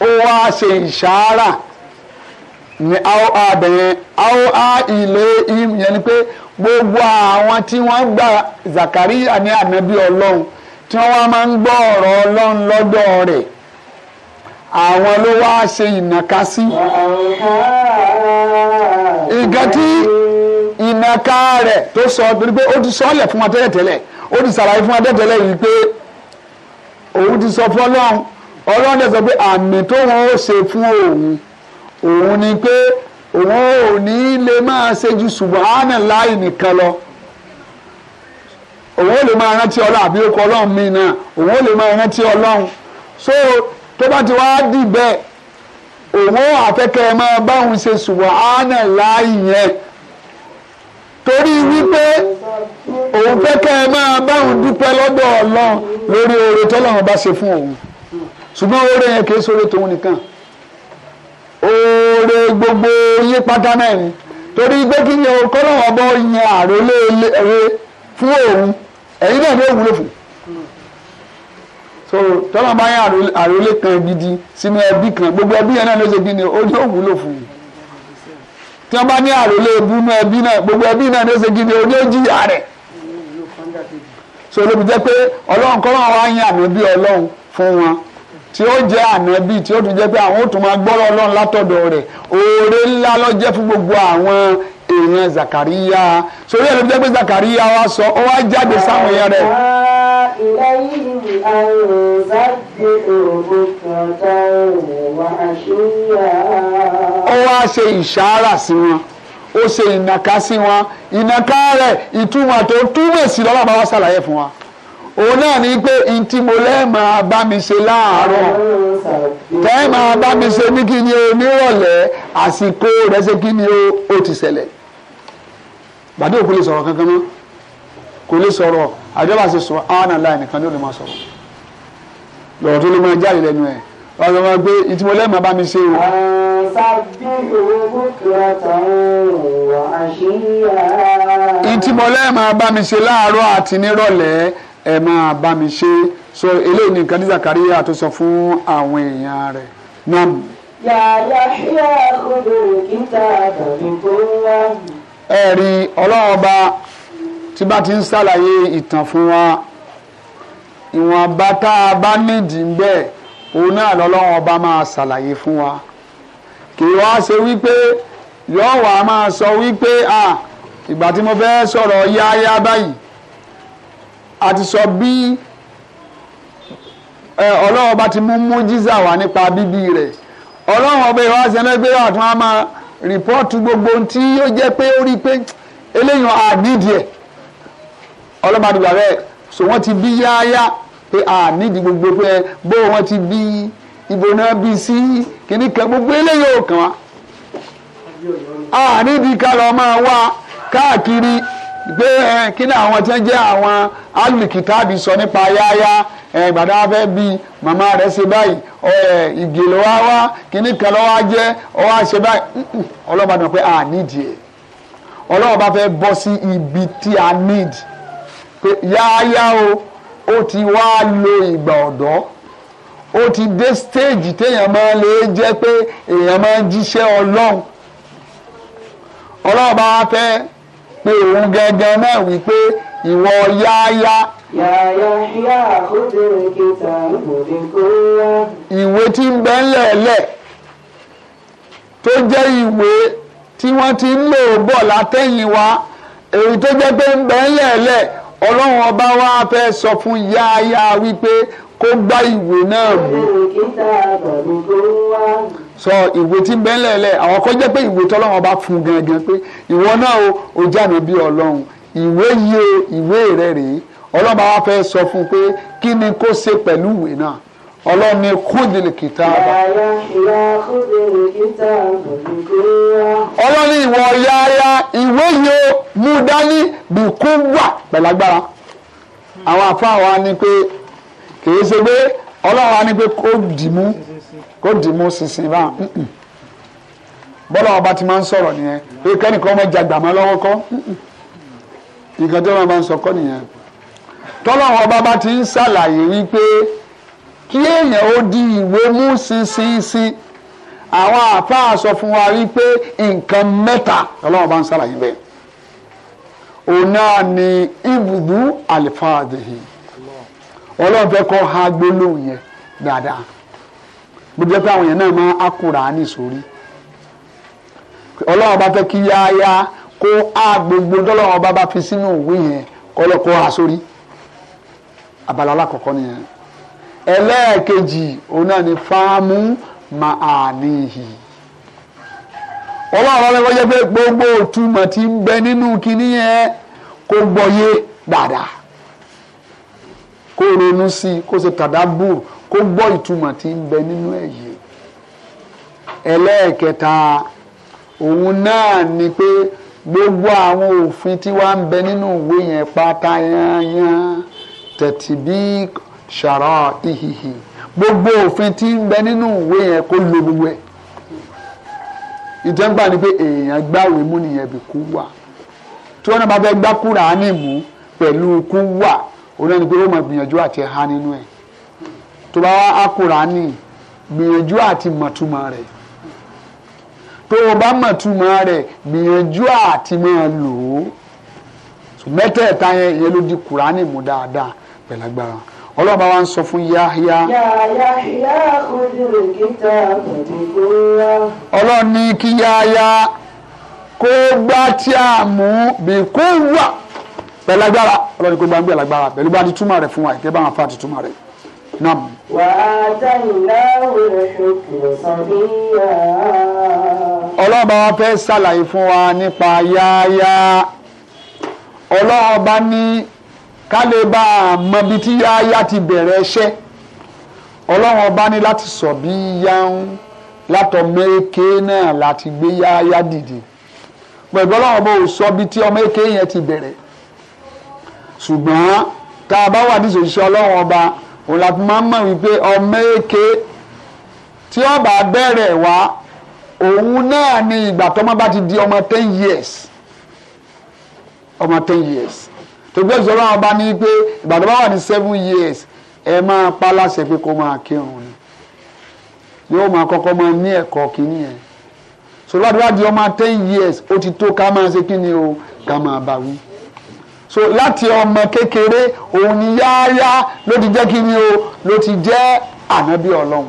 ó wa se ìṣàárà. ni aw a aw ilé yẹn ni pé gbogbo àwọn tí wọ́n gba Zakariya ní ànábì ọlọ́run tí wọ́n wá máa ń gbọ́ ọ̀rọ̀ ọlọ́run lọ́dọ̀ rẹ̀ àwọn ló wá ṣe sí. tí rẹ̀ tó sọ torí pé ó ti sọ́ọ̀lẹ̀ fún wa tẹ́lẹ̀tẹ́lẹ̀ ó ti fún wa tẹ́lẹ̀tẹ́lẹ̀ ti sọ fún ọlọ́run ọlọ́run sọ pé àmì ó fún òun òun ni pé òun ò ní lè máa ṣe ju subahana láì nìkan lọ òun ò lè máa rántí ọlọ́run àbí okò ọlọ́run mi náà òun ò lè máa rántí ọlọ́run so tó bá ti wá dì bẹ́ẹ̀ òun ò àfẹ́kẹ́ máa báwọn ṣe subahana láì yẹn torí wípé òun fẹ́ kẹ́ ẹ máa báwọn dúpẹ́ lọ́dọ̀ ọlọ́run lórí oore tọ́lọ́run bá ṣe fún òun ṣùgbọ́n oore yẹn kì í ṣoore tòun nìkan oore gbogbo yín pátá náà ni torí pé kí ni o kọ́nà ọmọ yan àròlé ẹ̀rẹ́ fún òun ẹ̀yin náà ni wúlò fún so tọ́lá bá yàn àròlé kan gidi sínú ẹbí kan gbogbo ẹbí yẹn náà ló ṣe kí ni ó ní ó wúlò fún tí wọ́n bá ní àròlé ebú nú ẹbí náà gbogbo ẹbí náà ló ṣe kí ni ó ní jìyà rẹ̀ so olóbi jẹ́ pé ọlọ́run kọ́nà wa yan àmì bí ọlọ́run fún wọn tí ó jẹ́ ànábì tí ó tún jẹ́ pé àwọn ó tún máa gbọ́rọ̀ ọlọ́run látọ̀dọ̀ rẹ̀ oore ńlá ló jẹ́ fún gbogbo àwọn èèyàn zakariya sórí ẹ̀ ló jẹ́ pé zakariya wa sọ ó wá jáde sáwọn èèyàn rẹ̀. ó wá ṣe ìṣàárà sí wọn ó ṣe ìnàka sí wọn ìnàka rẹ̀ ìtumọ̀ tó túmọ̀ sí lọ́wọ́ àbáwá ṣàlàyé fún wa òun náà ní pé ntí mo lẹ́ẹ̀ máa láàárọ̀ tẹ́ẹ̀ máa ní kí ni o nírọ̀lẹ́ àsìkò rẹ̀ ṣe kí ni o ó ti ṣẹlẹ̀ bàdé òkú lè sọ̀rọ̀ kankan mọ́ kò lè sọ̀rọ̀ àjọba ṣe sọ àwọn àlàyé nìkan ni ó lè máa sọ̀rọ̀ lọ́rọ̀ tó lè máa jáde lẹ́nu ẹ̀ wọ́n sọ wọn pé ntí mo lẹ́ẹ̀ máa o. ntí mo lẹ́ẹ̀ máa láàárọ̀ àti nírọ̀lẹ́ ẹ máa bá mi ṣe so eléyìí nìkan ní Zakariya tó sọ fún àwọn èèyàn rẹ̀ náà. yàrá yà kúndé kíta tàbí kó wá. ẹ̀rí ọlọ́run ọba tí bá ti ń ṣàlàyé ìtàn fún wa ìwọ̀nba tá a bá nídìí ń bẹ́ẹ̀ òun náà lọ́lọ́run ọba máa ṣàlàyé fún wa kì í wá ṣe wípé yọ̀ọ́ máa sọ wípé ìgbà tí mo fẹ́ sọ̀rọ̀ yáyá báyìí àti sọ bí ọlọ́run bá ti mú mójísà wá nípa bíbí rẹ̀ ọlọ́run ọba ìwà sẹ́lẹ́gbẹ́ àtún á máa rìpọ́ọ̀tù gbogbo ohun tí yóò jẹ́ pé ó rí i pé eléyìí ànídìí ẹ̀ ọlọ́run bá ti gbà bẹ́ẹ̀ so wọ́n ti bí yáyá pé ànídìí gbogbo pé bó wọ́n ti bí ibo náà bí sí kíní kan gbogbo eléyìí ò kàn wá ànídìí ká lọ́ọ́ máa wá káàkiri pé kí ni àwọn tí wọ́n jẹ́ àwọn alùkìtàbí sọ nípa yáyá ìgbàdá fẹ́ bí màmá rẹ̀ ṣe báyìí ìgè ló wá wá kíní kan ló wá jẹ́ ó wá ṣe báyìí ọlọ́ba dàn pé a nídìí ẹ̀ ọlọ́ba fẹ́ bọ́ sí ibi tí a need pé yáyá o ó ti wá lo ìgbà ọ̀dọ́ ó ti dé stage téèyàn máa lè jẹ́ pé èèyàn máa ń jíṣẹ́ ọlọ́run ọlọ́ba fẹ́ pé òun gangan náà wípé ìwọ yáyá. yàyà yá àkójọ ìkẹta ìbòdì kóyá. ìwé tí ń bẹ ńlẹ̀ẹ́lẹ̀ tó jẹ́ ìwé tí wọ́n ti ń lò bọ̀ látẹ̀yìn wa èyí tó jẹ́ pé ń bẹ ńlẹ̀ẹ́lẹ̀ ọlọ́run ọba wa fẹ́ sọ fún yáyá wípé kó gbá ìwé náà mú. ìwé kíta àbàdì kó wá sọ ìwé tí ń bẹ lẹ́lẹ̀ àwọn kan jẹ́ pé ìwé tọ́lọ́run bá fún gangan pé ìwọ náà o ò jáde bí ọlọ́run ìwé yìí o ìwé rẹ rèé ọlọ́run bá wá fẹ́ sọ fún un pé kí ni kó ṣe pẹ̀lú ìwé náà ọlọ́run ni kúndìlì kìtàbà. ọlọ́run ìwọ yáyá ìwé yìí o mú dání bí kú wà pẹ̀lágbára àwọn àfáà wa ni pé kì í ṣe pé ọlọ́run wa ni pé kó dì mú kó dì mú sísìn bá bọ́lá ọba ti máa ń sọ̀rọ̀ nìyẹn pé kẹ́nìkan ọmọ jàgbà máa lọ́wọ́ kọ́ nǹkan tó máa ń sọ kọ́ nìyẹn tọ́lọ́wọ́n ọba bá ti ń ṣàlàyé wípé kí èèyàn ó di ìwé mú sísìnsìn àwọn àáfàá sọ fún wa wípé nǹkan mẹ́ta tọ́lọ́wọ́n bá ń ṣàlàyé bẹ́ẹ̀ òun náà ni ibùdó àlìfáàdìhì ọlọ́run fẹ́ kọ́ ha gbólóhùn yẹn dáadáa. gbogbo pé àwọn èèyàn náà máa á Kùránì sórí bá fẹ́ kí yáyá kó á gbogbo bá bá fi sínú òwe yẹn kọ́lọ́ kó a sórí abala alákọ̀ọ́kọ́ nìyẹn ẹlẹ́ẹ̀kejì òun náà ni fáámù màánìhì ọlọ́run ọlọ́run pé gbogbo òtúmọ̀ ti ń bẹ nínú yẹn kó dáadáa kó ronú sí kó ṣe kó gbọ́ ìtumọ̀ tí ń bẹ nínú ẹ̀ yìí ẹlẹ́ẹ̀kẹta òun náà ni pé gbogbo àwọn òfin tí wàá ń bẹ nínú ìwé yẹn pátá yányán tẹ̀tìbí ṣàrà ìhìhì gbogbo òfin tí ń bẹ nínú ìwé yẹn kó lo gbogbo ẹ̀ ìjọba ni pé èèyàn gbàwé mú nìyẹn bí kú wà tí wọn náà bá fẹ́ gbá Kùránì mú pẹ̀lú kú wà òun náà ni pé ó mọ̀ gbìyànjú àti ha nínú ẹ̀ tó akurani wá akùránì gbìyànjú àti mọ̀túmọ̀ rẹ̀ tó o bá mọ̀túmọ̀ rẹ̀ gbìyànjú àti máa lò ó mẹ́tẹ̀ẹ̀ta yẹn ìyẹn ló di kurani mú dáadáa pẹ̀lú agbára ọlọ́run bá wa ń sọ fún yáyá. yáyá kúndùn kíta pẹ̀lú ọlọ́run ní kí yáyá kó gbá tí a mú bí kó wà pẹ̀lú agbára ọlọ́run kó gbá ń gbẹ̀lágbára pẹ̀lú bá ti túmọ̀ rẹ̀ fún wa ìkẹ́ bá wọn fa ti túmọ̀ rẹ̀. نعم وآتيناه wa fẹ́ ṣàlàyé fún wa nípa yáyá ọlọ́ọ̀bá ní ká lè bá a mọ ibi tí yáyá ti bẹ̀rẹ̀ iṣẹ́ ọlọ́run ọba ní láti sọ bí yáhùn látọmọ èké náà láti gbé yáyá dìde pẹ̀lú ọlọ́run ọba ò sọ bí tí ọmọ èké yẹn ti bẹ̀rẹ̀ ṣùgbọ́n tá a bá wà ní ìṣòṣìṣẹ́ ọlọ́run ọba òun la fi máa ń mọ̀ wípé ọmọ èké tí ó bá bẹ̀rẹ̀ wá òun náà ni ìgbà tọ́mọ bá ti di ọmọ ten years ọmọ ten years tó gbé ìṣòro àwọn ọba ní pé ìgbà tó bá wà ní seven years ẹ máa pa láṣẹ pé kó máa kírun ni yóò máa kọ́kọ́ máa ní ẹ̀kọ́ kínní yẹn sọlá tó bá di ọmọ ten years ó ti tó ká máa ṣe kínní o ká máa bá wí so láti ọmọ kékeré òun ni yáyá ló ti jẹ́ kí ni o ló ti jẹ́ ànábì ọlọ́run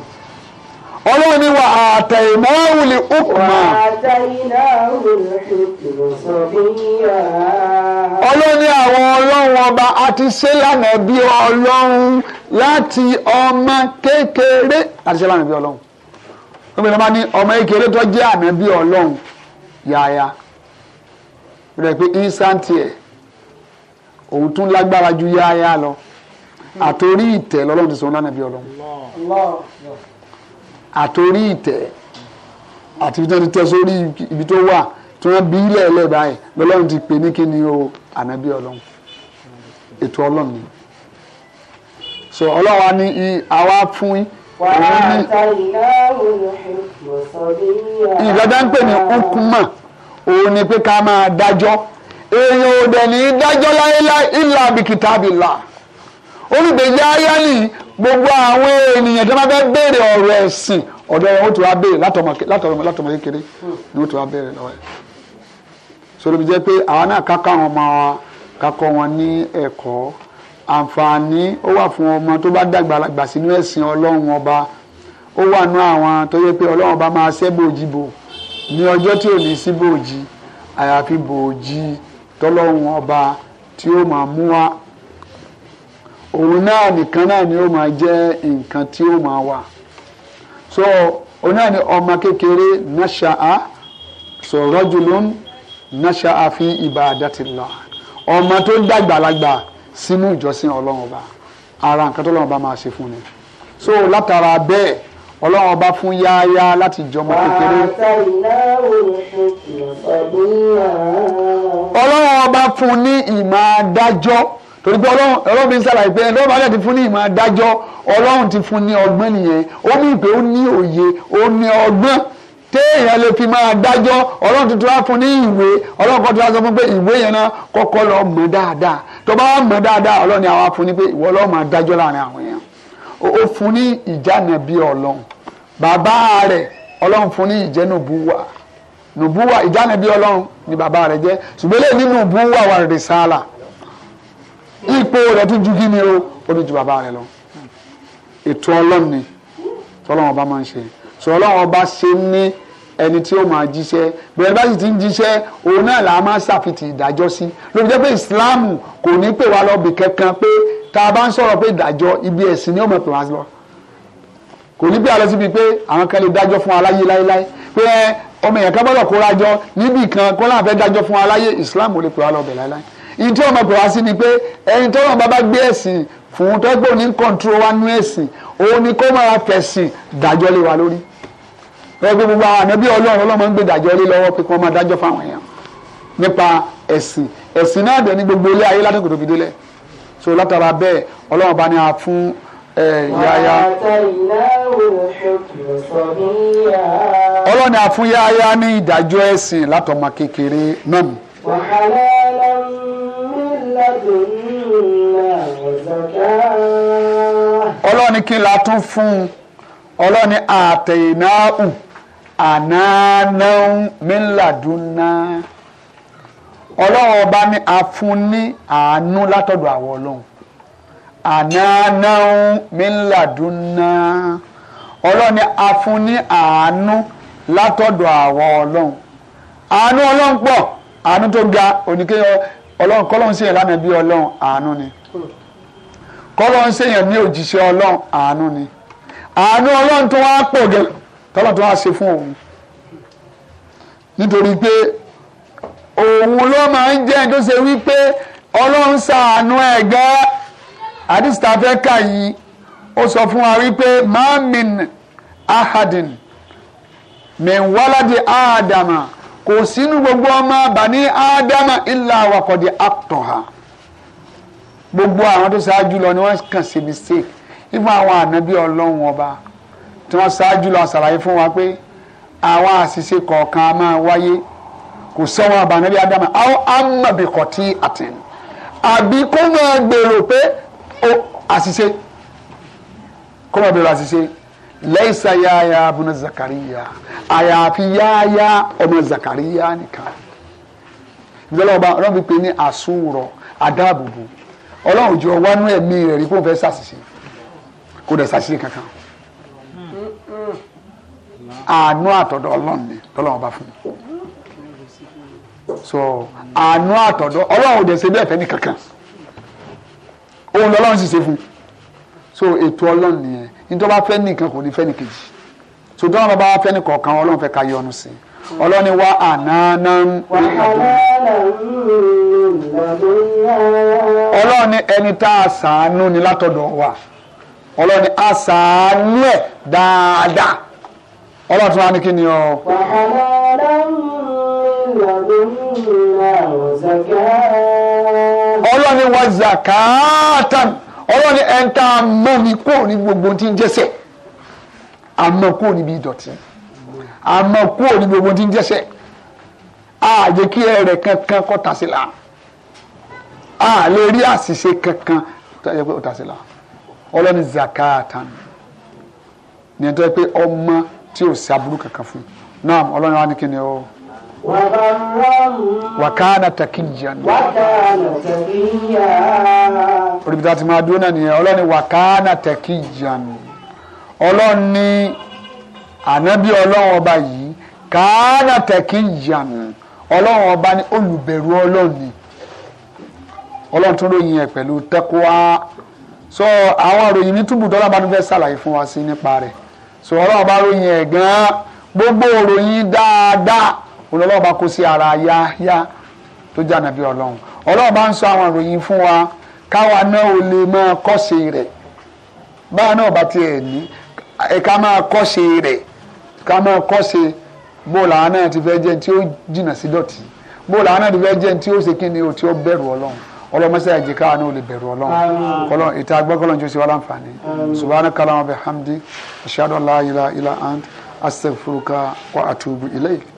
ọlọ́run ni wà àtẹ ìnáwùlì ukùnà. ọlọ́run ni àwọn ọlọ́run ọba àti sẹ́lànà bí ọlọ́run láti ọmọ kékeré àti sẹ́lànà bí ọlọ́run obìnrin máa ní ọmọ kékeré tó jẹ́ ànábì ọlọ́run yáyá rẹ̀ pé instant yẹn òun tún lágbára ju yáyá lọ àtòrí ìtẹ́ lọ́lọ́run ti sọ ọ́nà nàbí ọlọ́run àtòrí ìtẹ́ àti ibi tí wọ́n ti tẹ́ sórí ibi tó wà tí wọ́n bí ilẹ̀ báyìí lọ́lọ́run ti pè ní kí ni o ànábí ọlọ́run ètò ọlọ́run ni so ọlọ́run ni àwa fún yín ìgbàdá ń pè ní ukuma òun ni pé ká máa dájọ́ èèyàn ò dẹ̀ ní dájọ́ láéláé ìlà bìkítàbìlà olùgbèjà ayá nìyí gbogbo àwọn ènìyàn tó máa fẹ́ béèrè ọ̀rọ̀ ẹ̀sìn ọ̀dọ̀ ẹ̀ wọ́n ti wá béèrè látọmọ kékeré ni wọ́n ti wá béèrè lọ́wọ́ ẹ̀ sọlọ́bi jẹ́ pé àwọn náà kákọ́ àwọn ọmọ wa kákọ́ wọn ní ẹ̀kọ́ àǹfààní ó wà fún ọmọ tó bá dàgbà àgbà sínú ẹ̀sìn ọlọ́run ọba ó wà nú àwọn tó yẹ pé ọlọ́run ọba máa ṣẹ́ bòjì bò ní ọjọ́ tí ò ní sí bòjì àyàfi bòjì tọ́lọ́hún ọba tí ó máa mú wá òun náà nìkan náà ni ó máa jẹ́ nǹkan tí ó máa wà so òun náà ni ọmọ kékeré nasha'a so rajulun nasha'a fi ibadatillah ọmọ tó dàgbàlagbà sínú ìjọsìn ọlọ́run ọba ara nǹkan tó lọ́run ọba máa ṣe fún ni so látara bẹ́ẹ̀ ọlọ́run ọba fún yáyá láti jọmọ kékeré. ọlọ́run ọba fún ní ìmọ̀ adájọ́ torí pé ọlọ́run ọlọ́run fi ń ṣàlàyé pé ẹni tó bá ti fún ní ìmọ̀ adájọ́ ọlọ́run ti fún ní ọgbọ́n nìyẹn ó mú ìpè ó ní òye ó ní ọgbọ́n téèyàn lè fi máa dájọ́ ọlọ́run tuntun á fún ní ìwé ọlọ́run kan tuntun á sọ fún pé ìwé yẹn náà kọ́kọ́ lọ mọ̀ dáadáa tó bá mọ̀ dáadáa ọlọ́run ni àwa fún ni pé ìwọ ọlọ́run máa dájọ́ láàrin àwọn èèyàn ó fún ní ìjànà bíi ọlọ́run bàbá rẹ̀ ọlọ́run fún ní ìjẹ́ nùbúwà nùbúwà ìjánibí ọlọ́run ni bàbá rẹ̀ jẹ́ ṣùgbọ́n lè ní nùbúwà wà rẹ̀ sáàlà ipò rẹ̀ tún ju kí ni o ó ní ju bàbá rẹ̀ lọ ètò ọlọ́run ni tọ́lọ́run ọba máa ń ṣe sọ ọlọ́run ọba ṣe ní ẹni tí ó máa jíṣẹ́ bẹ́ẹ̀ bá sì ti ń jíṣẹ́ òun náà là máa ṣàfitì ìdájọ́ sí ló fi pé ìsìláàmù kò ní pè wá lọ́bì kankan pé tá a bá ń sọ̀rọ̀ pé ìdájọ́ ibi ẹ̀sìn ni ó mọ̀ pè wá lọ kò ní bí a lọ síbi pé àwọn kan lè dájọ́ fún aláyé láéláé pé ẹ ọmọ èèyàn kan gbọ́dọ̀ kóra jọ níbì kan kó láǹfẹ́ dájọ́ fún aláyé Islam ò lè pè wá lọ bẹ̀ láéláé ìyí tí wọ́n máa pè wá sí ni pé ẹni tó wọn bá bá gbé ẹ̀sìn fún tọ́gbọ́n ní kọ́ńtúrò wa nú ẹ̀sìn òun ni kó máa fẹ̀sìn dájọ́ lé wa lórí ẹgbẹ́ gbogbo àwọn ànábí ọlọ́run ọlọ́mọ ń gbé dájọ́ lé lọ́wọ́ pé kí máa dájọ́ fáwọn èèyàn nípa ẹ̀sìn ẹ̀sìn náà dẹ̀ ní gbogbo ilé ayé látọ̀kùtò fi délẹ̀ so látara bẹ́ẹ̀ ọlọ́run bá ní a fún ọlọ́ni àfún yáyá ní ìdájọ́ ẹ̀sìn látọmọ kékeré náà. wàhálà ọlọ́ni kí la tún fún un ọlọ́ni àtẹ̀yìnáhùn ànánáhùn mílàdúnná ọlọ́run ọba ní a ní àánú látọ̀dọ̀ àwọn ọlọ́run ànánáhùn mílàdúnná ọlọ́run ni a fún ní àánú látọ̀dọ̀ àwọn ọlọ́run àánú ọlọ́run pọ̀ àánú tó ga oníkéyọ ọlọ́run kọ́lọ́run ṣèyàn lánàá bí ọlọ́run àánú ni kọ́lọ́run ṣèyàn ní òjíṣẹ́ ọlọ́run àánú ni àánú ọlọ́run tó wá pọ̀ gẹ tọ́lọ́run tó wá ṣe fún òun nítorí pé òun ló máa ń jẹ́ tó ṣe wípé ọlọ́run ṣàánú ẹ̀ gan àdìsí tá a fẹ́ kà yìí ó sọ fún wa wípé mamin ahadin min waladi adama kò sínú gbogbo ọmọ bani adama illa wakọ̀dí akọ̀ha gbogbo àwọn tó ṣáájú lọ ni wọ́n kàn sí mistake ìfún àwọn ànábì ọlọ́run ọba tí wọ́n ṣáájú lọ ṣàlàyé fún wa pé àwọn àṣìṣe kọ̀ọ̀kan a máa wáyé kò sọ́wọ́n àbànábí ádámà àwọn amọ̀bìkọ̀tì àtẹ̀yìn àbí kó máa gbèrò pé ó àṣìṣe kó má bẹ̀rù àṣìṣe lẹ́yìísá yáyá abúlé zakariya àyàfi yáyá ọmọ zakariya nìkan ìgbẹ́lẹ́ ọba ọlọ́run fi pè ní àsúrọ̀ àdáàbòbò ọlọ́run jọ wánú ẹ̀mí rẹ̀ rí kó fẹ́ ṣàṣìṣe kó dẹ̀ ṣàṣìṣe kankan àánú àtọ̀dọ̀ ọlọ́run ni tọ́lọ́run bá fún mi so àánú àtọ̀dọ̀ ọlọ́run ò dẹ̀ ṣe bẹ́ẹ̀ fẹ́ ní kankan òun lọ́lọ́run sì ṣe fún so ètò ọlọ́run nìyẹn nítorí wọ́n bá fẹ́ nìkan kò ní fẹ́ nìkejì so tí wọ́n bá bá fẹ́ nìkan kan ọlọ́run fẹ́ ká yọ ọ́nu sí i ọlọ́run ni wá ànáná ń pè ọlọ́run ni ẹni tá a sàánú ni látọ̀dọ̀ wa ọlọ́run ni a sàánú ẹ̀ dáadáa ọlọ́run tí wọ́n á ní kí ni ọ. wàhálà ń ọlọ́ni wa zakata ọlọ́ni ẹ̀ńtà mọ́mi kúrò ní gbogbo tí ń jẹ́sẹ̀ àmọ́ kúrò níbi ìdọ̀tí àmọ́ kúrò ní gbogbo tí ń jẹ́sẹ̀ àjẹ́ kí ẹ̀rẹ̀ kankan kọ́ tàṣìlá a lè rí àṣìṣe kankan tó yẹ pé ó tàṣìlá ọlọ́ni zakata ní ẹ̀ńtà pé ọmọ tí ò sí aburú kankan fún náà ọlọ́ni wa ní kíni o. Wakana takijan. wàkánà takijan. olùbí tá ti máa dúró náà nìyẹn ọlọ́ni wàkánà takijan ọlọ́ni ànábì ọlọ́run ọba yìí kánà takijan ọlọ́run ọba ní olùbẹ̀rù ọlọ́ni ọlọ́run tó ròyìn ẹ̀ pẹ̀lú tẹ́kọ́á so àwọn ìròyìn ní túbù tọ́lá bá tún fẹ́ ṣàlàyé fún wa sí nípa rẹ̀ so ọlọ́run bá ròyìn ẹ̀ gan-an gbogbo ìròyìn dáadáa olọ́wọ́ bá kó sí ara yáyá tó jẹ́ ànábì ọlọ́run ọlọ́run bá ń sọ àwọn ìròyìn fún wa káwa náà ò lè máa kọ́ṣe rẹ̀ báwa náà bá tiẹ̀ ní ẹ̀ka máa kọ́ṣe rẹ̀ ká máa kọ́ṣe bó làwọn náà ti fẹ́ jẹ́ tí ó jìnnà sí dọ̀tí bó làwọn náà ti fẹ́ jẹ́ tí ó ṣe kí ni o tí ó bẹ̀rù ọlọ́run ọlọmọsẹ ẹjẹ káwa náà ò lè bẹ̀rù Ọlọ́run kọlọ ìta agbẹkọlọ ní oṣù wa láǹfààní subhanaka wa bihamdi ashhadu an la ilaha illa ant astaghfiruka wa atubu ilayk.